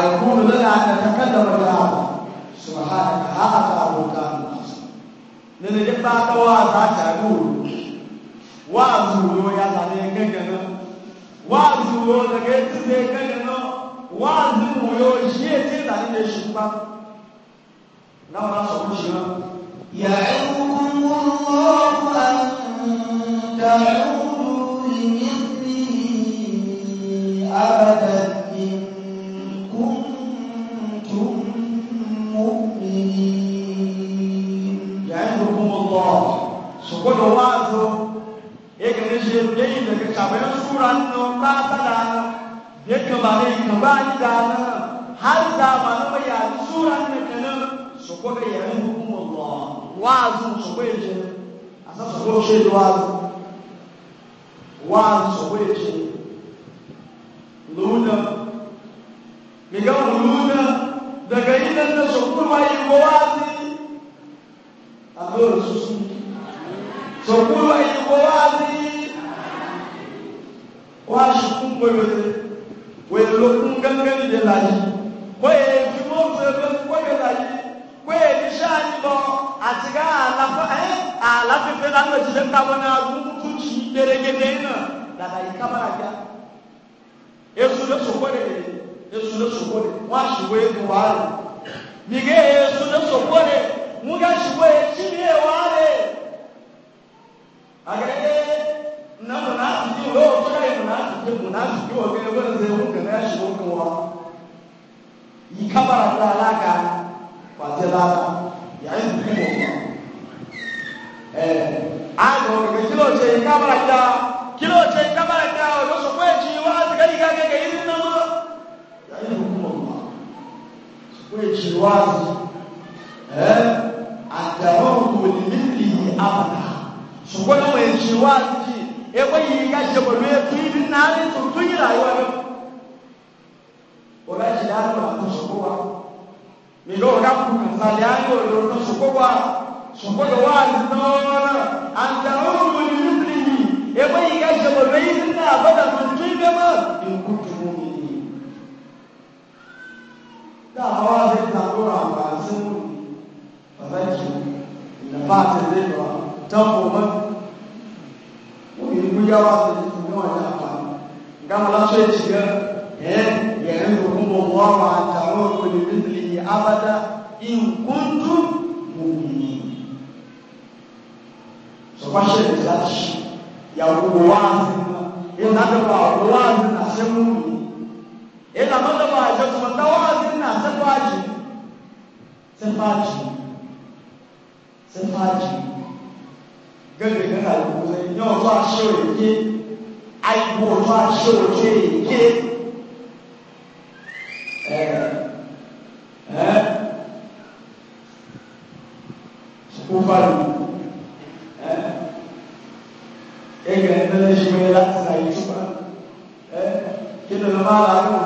Speaker 3: أيكون لنا أن نتكلم بهذا سبحانك هذا بهتان nínú nípa tọwọ́ àtàtàrú wáàzù ló yàtà ní gẹ́gẹ́ náà wáàzù ló lẹ́gẹ́ tí ní gẹ́gẹ́ náà wáàzù mú yóò ṣí ètí ìlànà ilé ṣùgbọ́n láwọn aṣọ òṣìṣẹ́ yàrá ìwúkú mú bai sura nan ba bala ya kamare ka ba ni da nan har da ma na mai ya sura nan kana su ko ga yayin hukum Allah wazu su ko yaje asa su ko shi wazu wazu su ko yaje luna mi ga luna daga idan da su kuma yi washukun wewe welokun gangan de layi kweye jumọ fẹfẹ kweye layi kweye nishani bọ àti ká àlàfẹ ẹ àlàfẹfẹ lánàá ti na kábọ tu kúkú tì dẹrẹgẹdẹ náà dàda yìí kábàrà já esu lè soko de esu lè sọkọ de wọn àṣìwé egun wà lò nìgẹ esu lè sọkọ de wọn kà ṣìwé tìmí ẹ wà lè àgẹgẹ na munafiki lọ́wọ́ tó káyọ̀ munafiki munafiki wọ̀ kẹ́lẹ́ wọ́n ṣe ń kẹ́lẹ́ ṣòwò kí wọ́n yìí kábàrà fún alága wàjẹ́ lára yàrá ìdílé wọ̀ ẹ̀ àgbọ̀ kẹ̀kẹ́ kí ló ṣe kábàrà dá kí ló ṣe kábàrà dá ọ̀dọ́ sọ fún ẹ̀jì wá sí kẹ́lẹ́ ká kẹ́kẹ́ yìí nínú mọ́ yàrá ìdílé wọ̀ wá sọ fún ẹgbẹ́ yìí ká ṣe pẹ̀lú ẹkùn ibi náà ní tuntun yìí láyé wáyé ọ̀rọ̀ ẹ̀jẹ̀ láàrín àwọn ṣùkọ́ wa nílò ọ̀rọ̀ kù ìsàlẹ̀ ayé ọ̀rọ̀ ṣùkọ́ wa ṣùkọ́ lọ́wọ́ àdìsánwọ́n àǹtàwọn olùwòlì nítorí yìí ẹgbẹ́ yìí ká ṣe pẹ̀lú ibi náà àbọ̀dà tuntun ibẹ̀ mọ́ ìkú tuntun mi ni. dáhàwá ti àti gawa da jikin gawa da amfani gama na so ya shiga yayin rukun babuwa wa taron kulibin lili abada
Speaker 2: in kuntum
Speaker 3: mu'mini so kwashe da zashi ya gugu wa'azin in e na da ba wa'azin na sai mu'mini in e na mata ba a kuma ta wa'azin na sai faji sai faji sai faji gẹ́gẹ́ kan náà lóko sẹ́yìn ní ọ̀tọ́ aṣọ èké àìkú ọ̀tọ́ aṣọ òkè èké sukuu fari ẹgbẹ̀rún mẹ́lẹ́sì mẹ́lẹ́ láti ṣàyẹ̀túpa kí ló lọ́ máa láàárọ̀.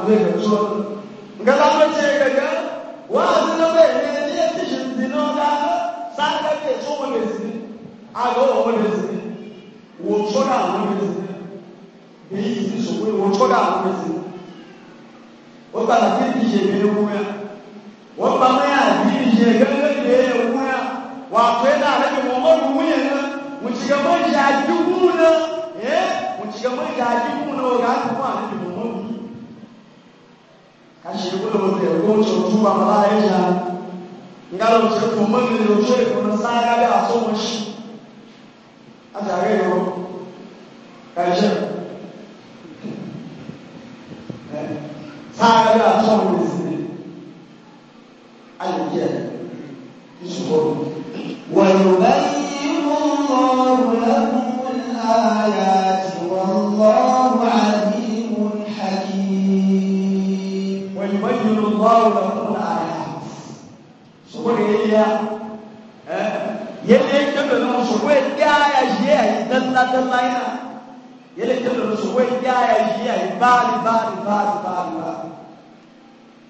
Speaker 3: ba'd ba'd ba'd ba'd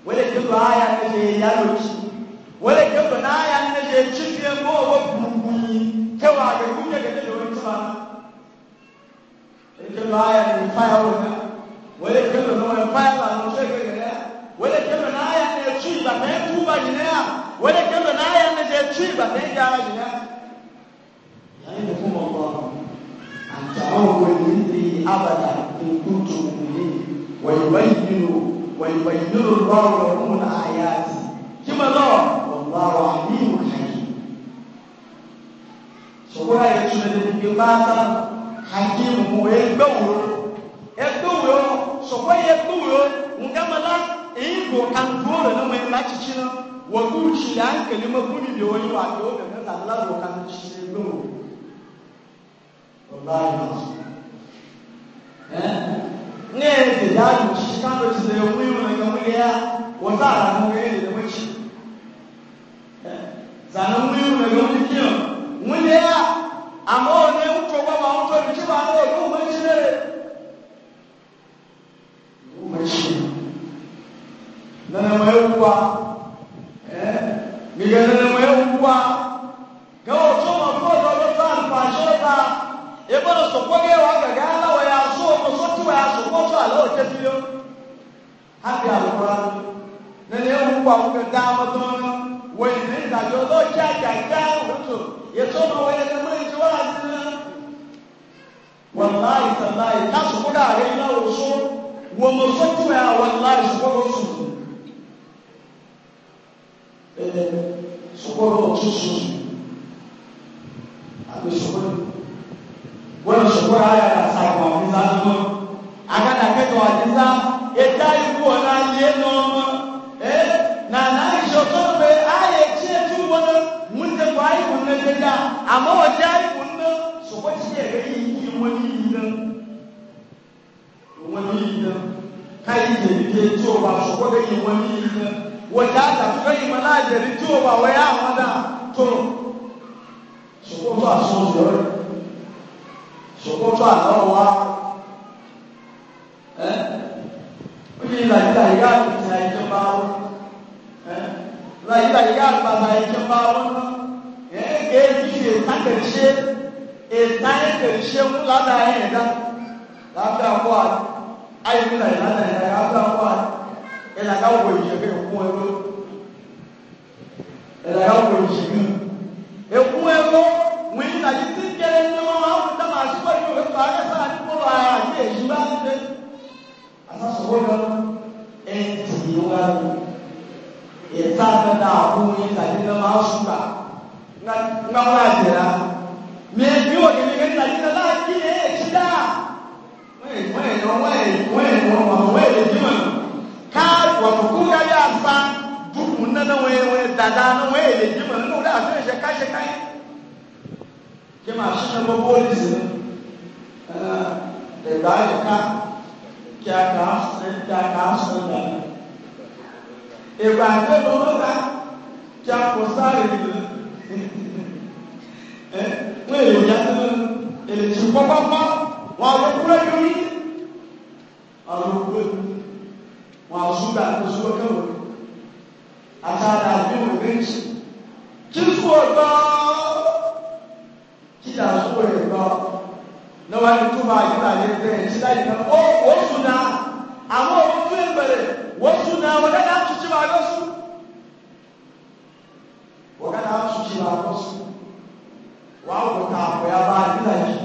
Speaker 3: wala kito aya ne je ya lochi na aya ne je mo wo bubuni ke wa ga kunye ga de wani tsama kito aya ne fa ya wona wala no fa ya ba no sai ga ya wala kito na aya ne chi ba ne ku ba ne ya wala kito na aya ne je chi ba ne ya ga ne ya yani kuma Allah an ta'awwal minni abada in kuntum ويبين ويبين الله لهم الآيات كما نرى والله عليم حكيم سورة يتشمل بالباطل حكيم هو يدور يدور سورة يدور مجملا إيكو كان دور لما يلاتشينا وقوشي لأنك لما قولي بيواني وعديو كان الله وكان تشينا
Speaker 2: والله العظيم
Speaker 3: ne yɛrɛ de daa kan dɔ ti sɛ ɛmu yi kan wuli ya wɔn ta ara mo yɛ de ɛmu akyi mu yi mana kan wuli kiyan wuli ya ama o ba ma ŋutɔ bi ti ba ne o ne o ne o ma ti nana ma ye wu wa ɛ nana ma ye wu wa gawo ma kó dɔ bɛ fa ta e bɛ na sɔkɔ kɛ wa gɛgɛ ala wa sotu ya sokoto ala o tefilo hafi alukura nana ewu wa wuka dama tɔnɔ wɔyi ne ndadɔ lɔ ja ja ja woto yɛtɔ ma wɔyɛ kama yi ti wala ti na walayi salayi ta soko da are na o so wɔmɔ sotu ya walayi soko ko susu
Speaker 2: ɛɛ soko ko susu
Speaker 3: wani shukura ya da sakwa mu za su aka da ke to ajiza e dai ku ona ye no eh na na shoko be aye ce tu wani mun da bai mun ne da amma wa dai mun ne su ko ce ga yi yi wani idan wani idan kai ne ke to ba su ko ga yi wani idan wata ta kai mana da to ba waya mana to
Speaker 2: su ko ba so zuwa sokoto àlọ́ wa ẹ́ ó ní làyílà ìyá àgbàtà ẹ̀jẹ̀ bá wọn ẹ́ làyílà
Speaker 3: ìyá àgbàtà ẹ̀jẹ̀ bá wọn ẹ́ kéèjì ètà kẹ̀ṣe ètà kẹ̀ṣe ń ládà ẹ̀dá lábẹ́ àpò àti ayélujára ìlànà ẹ̀dá lábẹ́ àpò àti ẹ̀dá káwọ̀ ìyẹ̀kẹ́ fún ẹ̀rọ ẹ̀dá káwọ̀ ìyẹ̀kẹ́ ẹ̀kún ẹ̀rọ wọ́n ta yìí tí kẹrẹ ní wọ́n máa ń fi dáná àṣìkò ìlú òwe pa ẹ̀ sáà ní kóra àyè èyí bá ti dé. àtàṣọwọ́ lọ ẹ̀ ń tì í wá lọ. ìta àtẹ̀dá àbúrò yìí ta yìí máa ń ṣùgbà
Speaker 2: ńgá wọ́n àjẹrà.
Speaker 3: mi ẹ̀ bí òde mi kẹ́ta yìí ta láà kí ẹ̀ ẹ̀ ṣí dáa. wọ́n ẹ̀ wọ́n ẹ̀ wọ́n ẹ̀ wọ́n wọ́n wọ́n ẹ̀ lè bí wọn. ká wọ́n kú káyà sa dúkùn náà wọ́n ẹ̀ wọ́n ẹ̀ dàda wọ́n ẹ̀ lè bí wọn nínú ke mashin na police ne da bayan ka a ka hasan a ka hasan da ìgbà tó lọ lọ́ta kí a kò sáré nìyẹn
Speaker 2: wọ́n èyí ìyá tó
Speaker 3: èlè tí pápápá wọ́n àwọn kúrẹ́ lórí àwọn kúrẹ́ wọ́n àwọn súgbà tó súgbà kẹwọ́ àtàrà àbí òwúrẹ́ jì kí sùn ọ̀dọ́ kila sukuu yɛ gbɔ ne wa ntoma yina yɛ bɛn sila yina o o suna awo o tu yɛ bɛrɛ o suna o kana tutu ba yɔ su o kana tutu ba yɔ su wa wò ka akɔya ba yina yi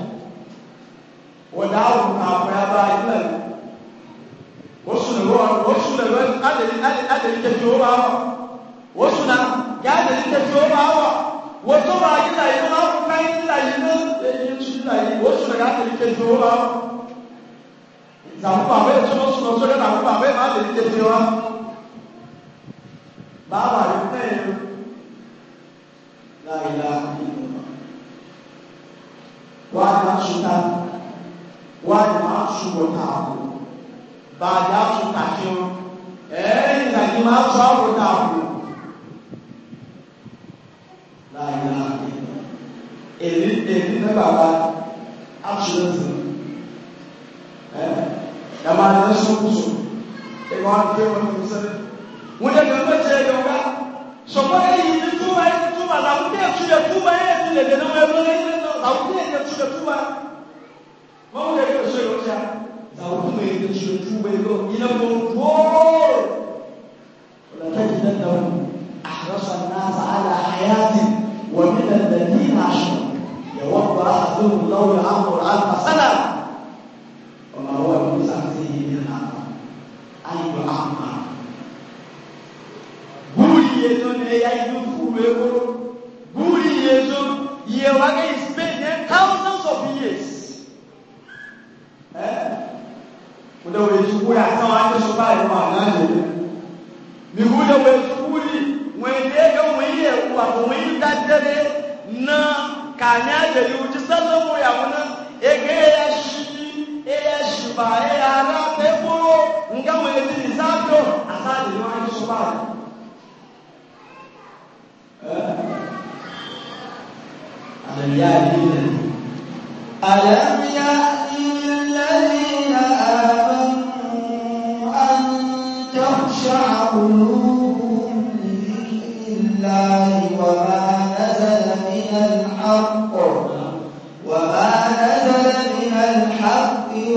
Speaker 3: o da wò ka akɔya ba yina yi o suna wɔ o suna wɔ adeli adeli adeli kɛtɛ o ba wɔ o suna yɛ adeli kɛtɛ o ba wɔ. 我说吧，一来一个，看一来一个，这一去来一个，我说人家这里解决了。咱们宝贝说说说，咱们宝贝把这里解决了。爸爸有内容，来啦，我拿出他，我拿出他，大家出他听，哎，那你们找不到。èyí èyí ní bàbá aṣọ ẹsẹ ẹ dàmà ní ẹsọkùsọ ẹgbẹ wọn kí wọn kú sẹlẹ
Speaker 2: wọn yẹ kí wọn tiẹ yọ
Speaker 3: ọgá sọgbọn ẹyìn ní túbà ẹyìn túbà làwọn bí ẹtú yẹ túbà ẹyìn ẹtú yẹ gẹdẹ wọn ẹgbẹ ẹyìn ẹtú làwọn bí ẹyìn ẹtú yẹ túbà wọn kò yẹ kí ẹsọ yọ ọjà làwọn kú mẹ ẹyìn ẹtú yẹ túbà ẹyìn lọ yìí lọ wọ wọọrọ ọlọtẹ jìnnà náà àrọsọ náà sàálà àyà dì. ومن الذين أشركوا يود أحدهم لو يعمر ألف سنة وما هو بمزحزحه من النار أن يعمر buri yezo ne ya yi fuwe ko buri yezo ye waga is been thousands of years eh muda wezu kuya sawa ne so ba ya ma na ne mi huda wezu buri wende ga wende kuwa ba na kanya da yuji sallan mu ya wuna ege ya shi e ya ba e ya pe kuro nga wende ni zato asali ni wani shi ba
Speaker 2: ألم
Speaker 1: يأتي الذين آمنوا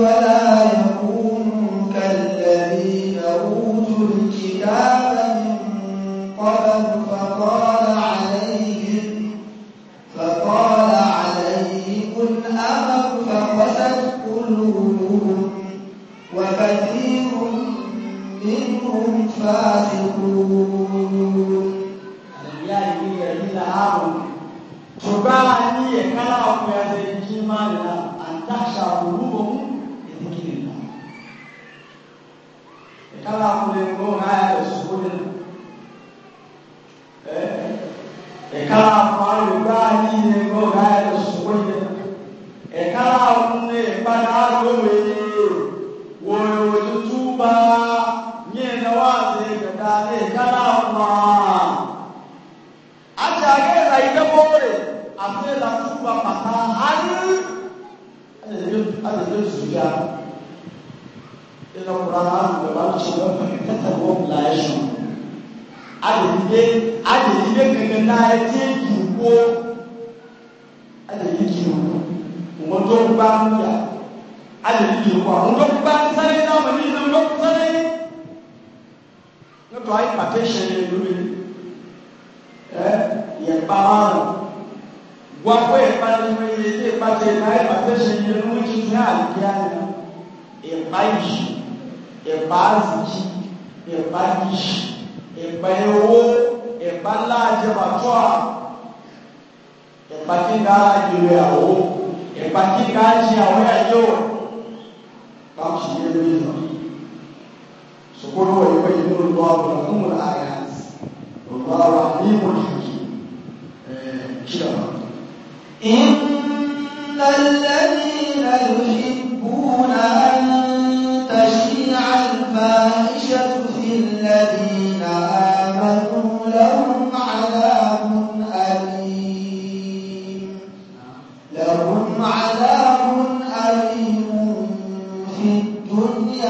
Speaker 1: ولا يكون كالذين أوتوا الكتاب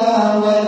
Speaker 1: ولا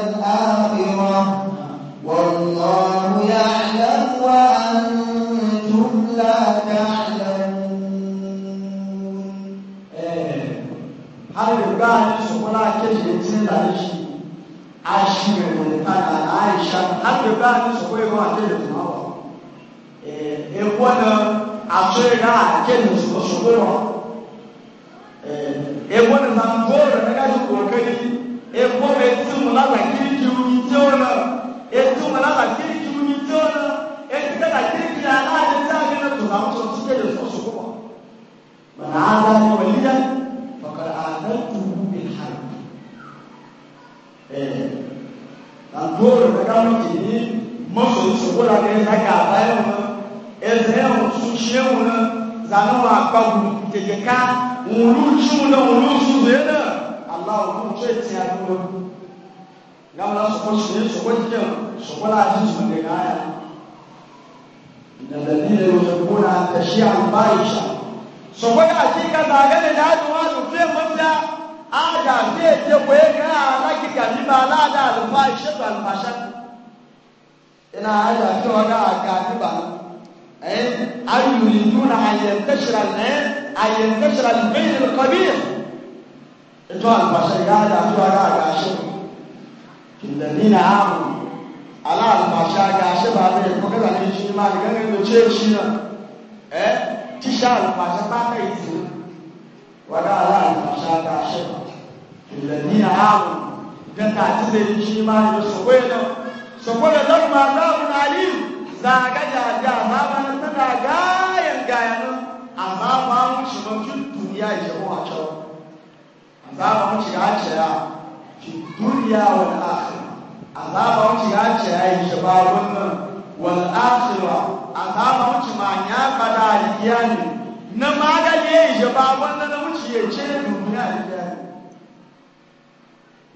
Speaker 3: na magaye ya ba wanda na wuce ya ce domin a yi jari da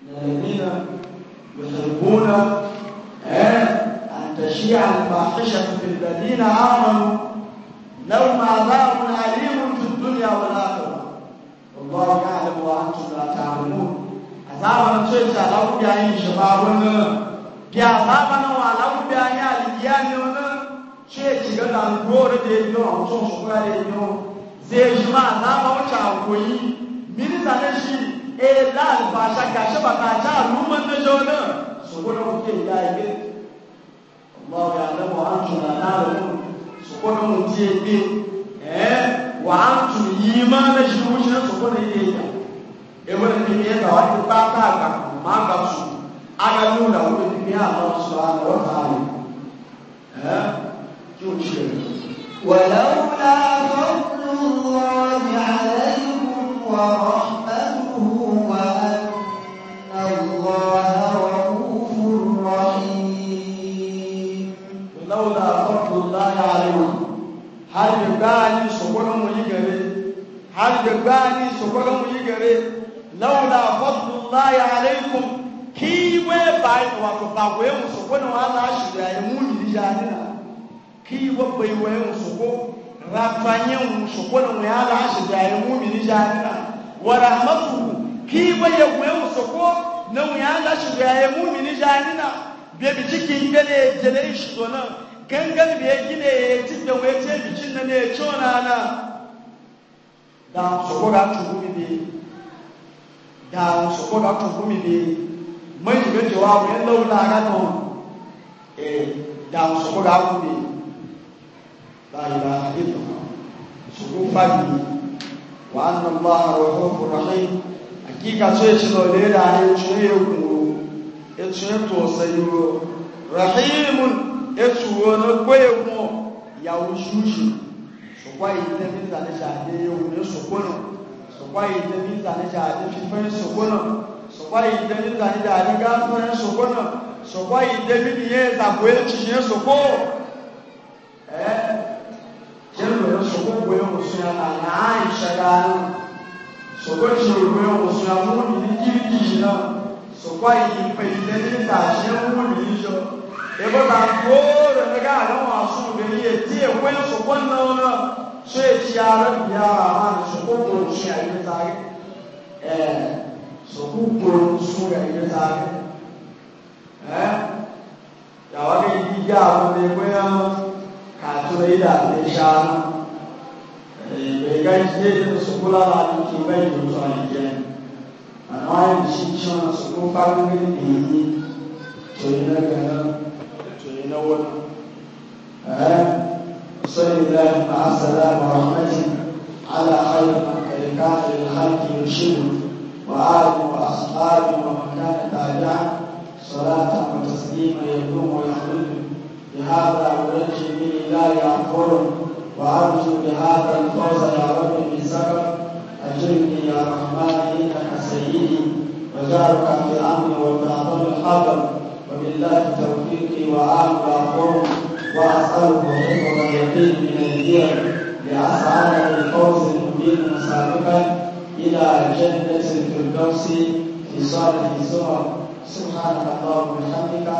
Speaker 2: lalina
Speaker 3: musulmuna eh, an tashi al-fahisha fil
Speaker 2: ladina amanu
Speaker 3: law ma za'un alimun fid dunya wal akhirah wallahu ya'lamu wa antum la ta'lamun azaban ce ta lawu yayin shababun ya azaban wa lawu yayin al-qiyamah ce shiga da gore da yi don hausun na mawuce koyi minista na shi e la albasha ga shi ba ta ci na jona ya yi bi Allah ya alamu an tuna na alamu su kuna mutu ya bi eh wa na shi wucin su ya e wani ne ya ga wani ba ya Allah subhanahu wa eh
Speaker 2: ولولا
Speaker 1: فضل الله عليكم ورحمته وأن الله رؤوف رحيم ولولا فضل الله عليكم
Speaker 3: har da gani sokoron mu yi gare har da gani sokoron mu yi gare laula fadlullahi alaikum ki we bai wa ko ki wa bai wa yan suko rafanyen suko na wa yala shi da yan mumini jahila wa rahmatu ki wa ya wa yan suko na wa yala shi da yan mumini jahila be bi cikin gane jele shi to nan gangan be gine ya ci da wa ce bicin nan ne chona na da suko ga tubu ne da suko ga tubu ne mai ga jawabu yan laula ga to eh da suko ga tubu ne láìlá ìlú ṣùgbọ́n báyìí wà á nà lọ àwọn ọkọ̀ rọ̀hìn àkíkà tó èṣì lọ léèrè àyè tún èkó ètò ètò ọ̀sẹ̀ yìí rọ̀hìnmù ètò wọn gbé èkó ìyàwó ṣúṣì ṣùgbọ́n ìdílé mi ìtàlẹ́ṣà àdé ewu ní ṣùgbọ́nà ṣùgbọ́n ìdílé mi ìtàlẹ́ṣà àdé fífẹ́ ṣùgbọ́nà ṣùgbọ́n ìdílé mi ìtàlẹ́ṣà àdé gáfẹ́ ṣùgbọ́nà ṣùgbọ́n ìdílé mi ìyẹn ìtàkùn ètò ìyẹn ṣùgbọ́n gbogbo yẹn wòsùn yà nà nà á ìṣẹ̀dá nù sọ̀kọ́ tí o gbogbo yẹn wòsùn yà mú mi ní kíríkì yìí náà sọ̀kọ́ yìí pè ní lẹ́yìn tà ṣe ń wù mí yíyọ ẹgbẹ́ bá gbóòrò ẹgbẹ́ àdánwò àsùn mi ní etí ẹ̀kọ́ yẹn sọ̀kọ́ náà náà ṣé èsì ara bìí ara máa ní sọ̀kọ́ gbòòrò sí àyè sáré ẹ̀ sọ̀kọ́ gbòòrò sún àyè sáré ẹ̀ yàrá mi yí yá megaje sukula la kiwe yuzo ajeni anwaye mshicho sukufa ngini ni tuyina kana tuyina wona eh sallallahu alaihi wasallam rahmatin ala khayr man kana lil khalqi yurshidu wa ali wa ashabi wa man kana taja salatan wa taslima yadumu yahmil بهذا وجه من الله يغفره وأرجو بهذا الفوز يا رب من سبب أجرني يا رحمن إنك سيدي وجارك في الأمر وتعطل الحبل وبالله توفيقي وأعلم وأقوم وأسألك حفظ اليقين من الدين لأسعد بالفوز المبين سابقا إلى جنة الفردوس في صالح الزمر سبحانك اللهم وبحمدك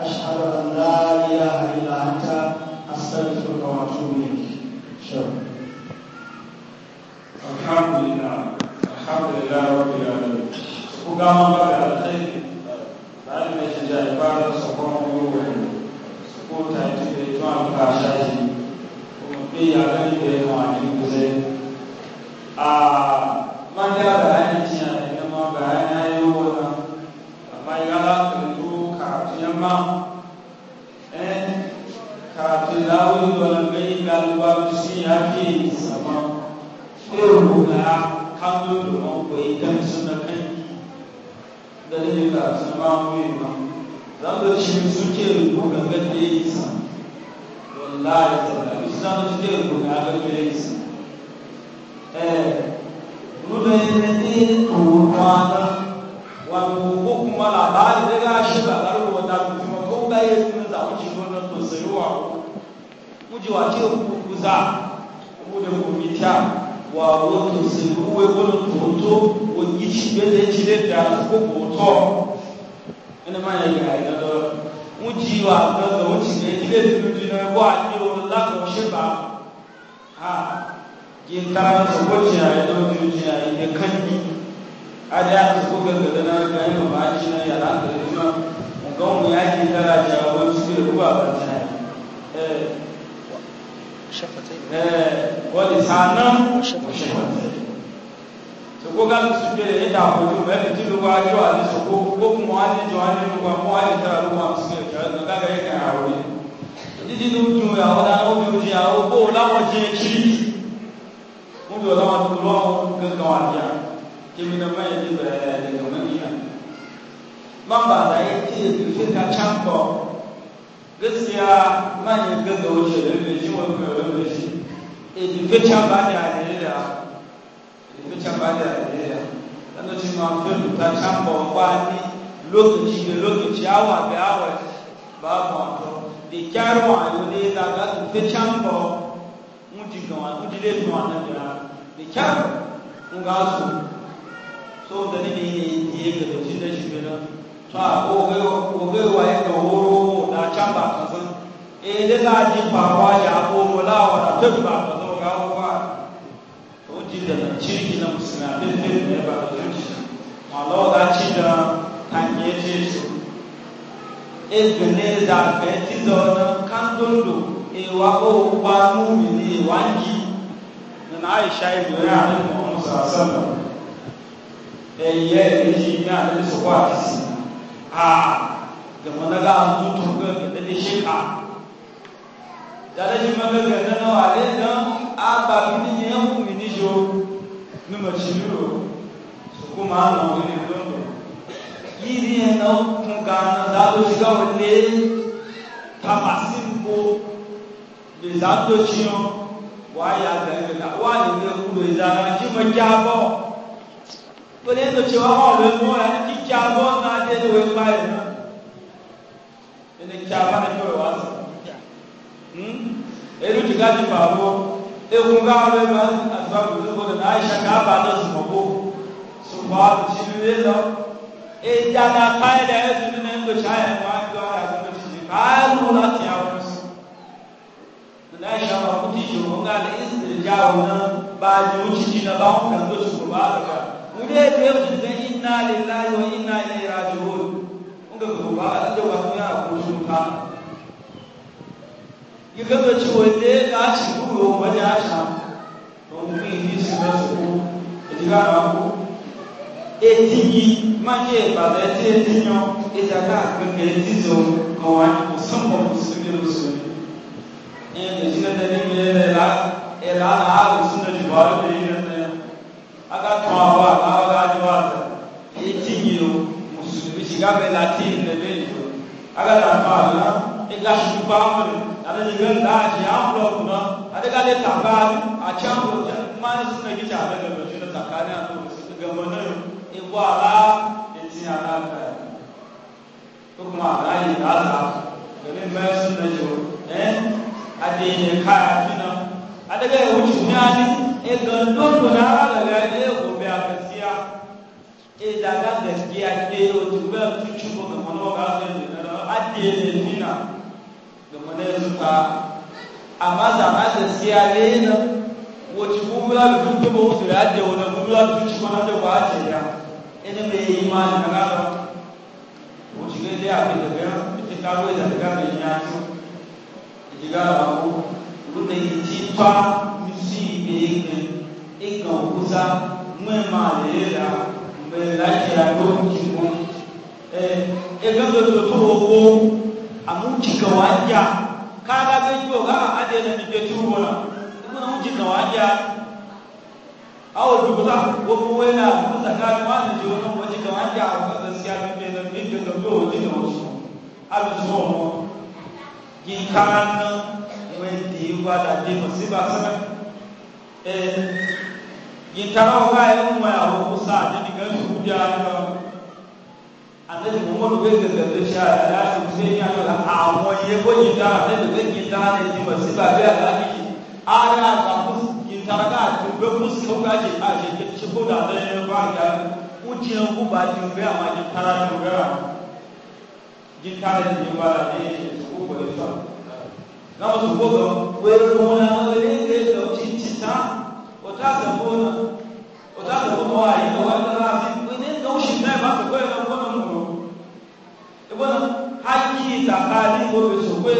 Speaker 3: أشهد أن لا إله إلا أنت أستغفرك وأتوب
Speaker 2: إليك الحمد لله الحمد لله رب العالمين وقام بعد الخير بعد ما يجي
Speaker 3: بعد سقوم يوم سقوط هذه الجوان كاشاتي ومبي على الجوان يوزين آه ما جاء بعدين يعني إنما بعدين يوم shi ake sama irin na kamun domin kwai kan suna kai da ne ka zama mai ma za ka shi suke rubuta gande yi sa wallahi tsara shi za suke rubuta gande yi sa eh nuna yi ne rubuta na wani ko kuma labari daga shi ba a rubuta kuma ko da yi suna zaɓi shi wannan to sayuwa kujewa ce kuza kuda komita wa wato sirruwe wani toto wani ci bele cire da ko koto ina ma ya yi a yi da wuji wa ga da wuci ne cire da wuji na ko a yi wani lakon shi ba ha ke ta su wuce a yi da wuji a yi da kan yi a da ya su kuka ga da na ga yi ma ba ci na yara da rima ga wani yaki daraja wani su ke ruba ba ta
Speaker 2: yi ولسانا وشفتين soko de ye da ko ju mɛ ti lu wa ju ani soko ko mu ani ju ani
Speaker 3: lu wa mu ani tara lu wa musu ye ka na ka ye ka ya wo ye ti ti lu ju ya o da o ju ji ya o bo la wa je ki mu do la wa tu lu wa mu ka ka wa ya ki mi gaskiya manyan gaza wuce da yadda shi wani mai wani da shi edifikacin eh, ba da aliyya edifikacin ba da aliyya dan da cikin mafin ta can bamba ni lokaci da lokaci awa da awa ba mafin da kyar wa ne da ga edifikacin ba mutu ga wani mutu da zuwa na da da kyar mun su so da ne ne ya gaza shi da shi ne to ah, a oge wa ya ga wuro na can ba ka san eh da za ji fawa ya ko la wa da tafi ba ka zo ga wa to ji da cirki na musulmi da ne ba da cirki Allah da ci da kan yi ce su ezene da bɛti zɔna kandondo ewa o wa mumini wa nyi nana aisha ebere ale mɔmɔ sasana ɛyɛ eyi ni ale sɔkɔ atisi a da managa a ba bi ne yan ku ni jo ni ma shi ro su kuma an mu ne don do yi ne na kun ga na da do shi ga wale ta masin ko le za do shi wa ya da ga wa ne ku do za ji podendo cewa olha mo ya ni ki kya na de ni we e ni kya ba ni ko wa hmm eru ti ga ti pa bo e ku ga le ba asba bu ko na aisha ka ba do su ko su na pa e de su ni ngo cha e wa do ya su ti ka ru na ti ya wa na aisha ba ku ti jo ga le istirja wa na ba ju ti na ba kule be mu da inna lillahi wa inna ilaihi raji'un unga ko ba da wasu ya ko shuka yi ga da ciwo ne ga ci ruwa wani asha to mu yi shi ga su e diga ba ku e digi ma ke ba da ti e dinyo e da ka ga ke akatɔnwa akanyɔa etinyiro musulmi sika bɛ lati nɛbɛ yio akatɔnwa ala ega supa amuli ale yi ke nda ati amulɔ kuna ade ka de taba atsi amulɔ tɛ kuma ne sinu eki tsa abe gɛmɛ tso ne taka ne ato gɛmɛ ne yo
Speaker 2: ebo ala eti ala ka yi o kuma ala yi ala gɛmɛ mɛ sinu ne tso ɛ adi yi ka yi afi
Speaker 3: na ade ka yi wotsi nyani e gandon na daga ne gobe a gaskiya e daga gaskiya ke o tube tucu ko ga mano ga ne ne na adde ne nina ga mane suka amma da ma gaskiya ne na wotu bumla dubu ba wotu ya de wona bumla tucu ko na de ba ce ya ene me imani na ga wotu ne da abin da ga ita ko da ga ne ya su diga ba ku lu ne ji pa misi ibe ika ukuza mwemaleera mbelakirako kimu egandototooko amukika wajja kagagejjo kaka adena nigetubola kuna mukika wajja awo tukuza wokuwena kuza kamwana jiona mukika wajja akukazasiyabibena bidegabyoojinoso abisomo kikana mwediibwa dadino sibasana yintara eh, hɔ ah, a ɛmu ma yɛ ahɔho sa a ne nika nsu biara no ane ne mɔmɔ no bɛ gɛgɛ bɛ a ɛyɛ asɛm sɛ yi ano la ahɔ yɛ bɔ yintara ne de bɛ yintara ne ti ma si ba bɛ a ne yi a yɛ ata ko yintara ka bɛ ko si ko ka yɛ a yɛ yɛ kyɛ ko da ne yɛ ba yɛ o tiɲɛ ko ba ti bɛ a ma yintara ne bɛ a yintara ne ba ne yɛ ko bɛ fa na wasu goga wani kuma na wani ne da dauki cita wata ta gona wata ta gona rafi wani da wushi na ba ta na gona mu ibana haƙƙi tsakanin gobe su kwe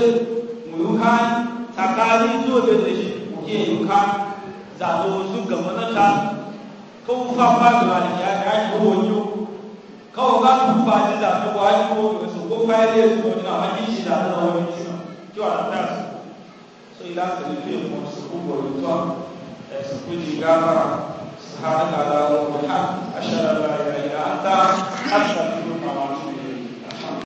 Speaker 3: mu yi kan tsakanin zobe da shi kuke yi kan zato su gama na ta kawo fa fa da wani ya ya yi kowane yau kawo ba su fa ji zato ba yi kowane su ko fa yi ne su wani na haƙƙi shi zato na you understand? So il a tenu pour ce pour le toi. Et ce que dit Gaba, سبحانك اللهم وبحمدك أشهد أن لا إله إلا أنت أستغفرك وأتوب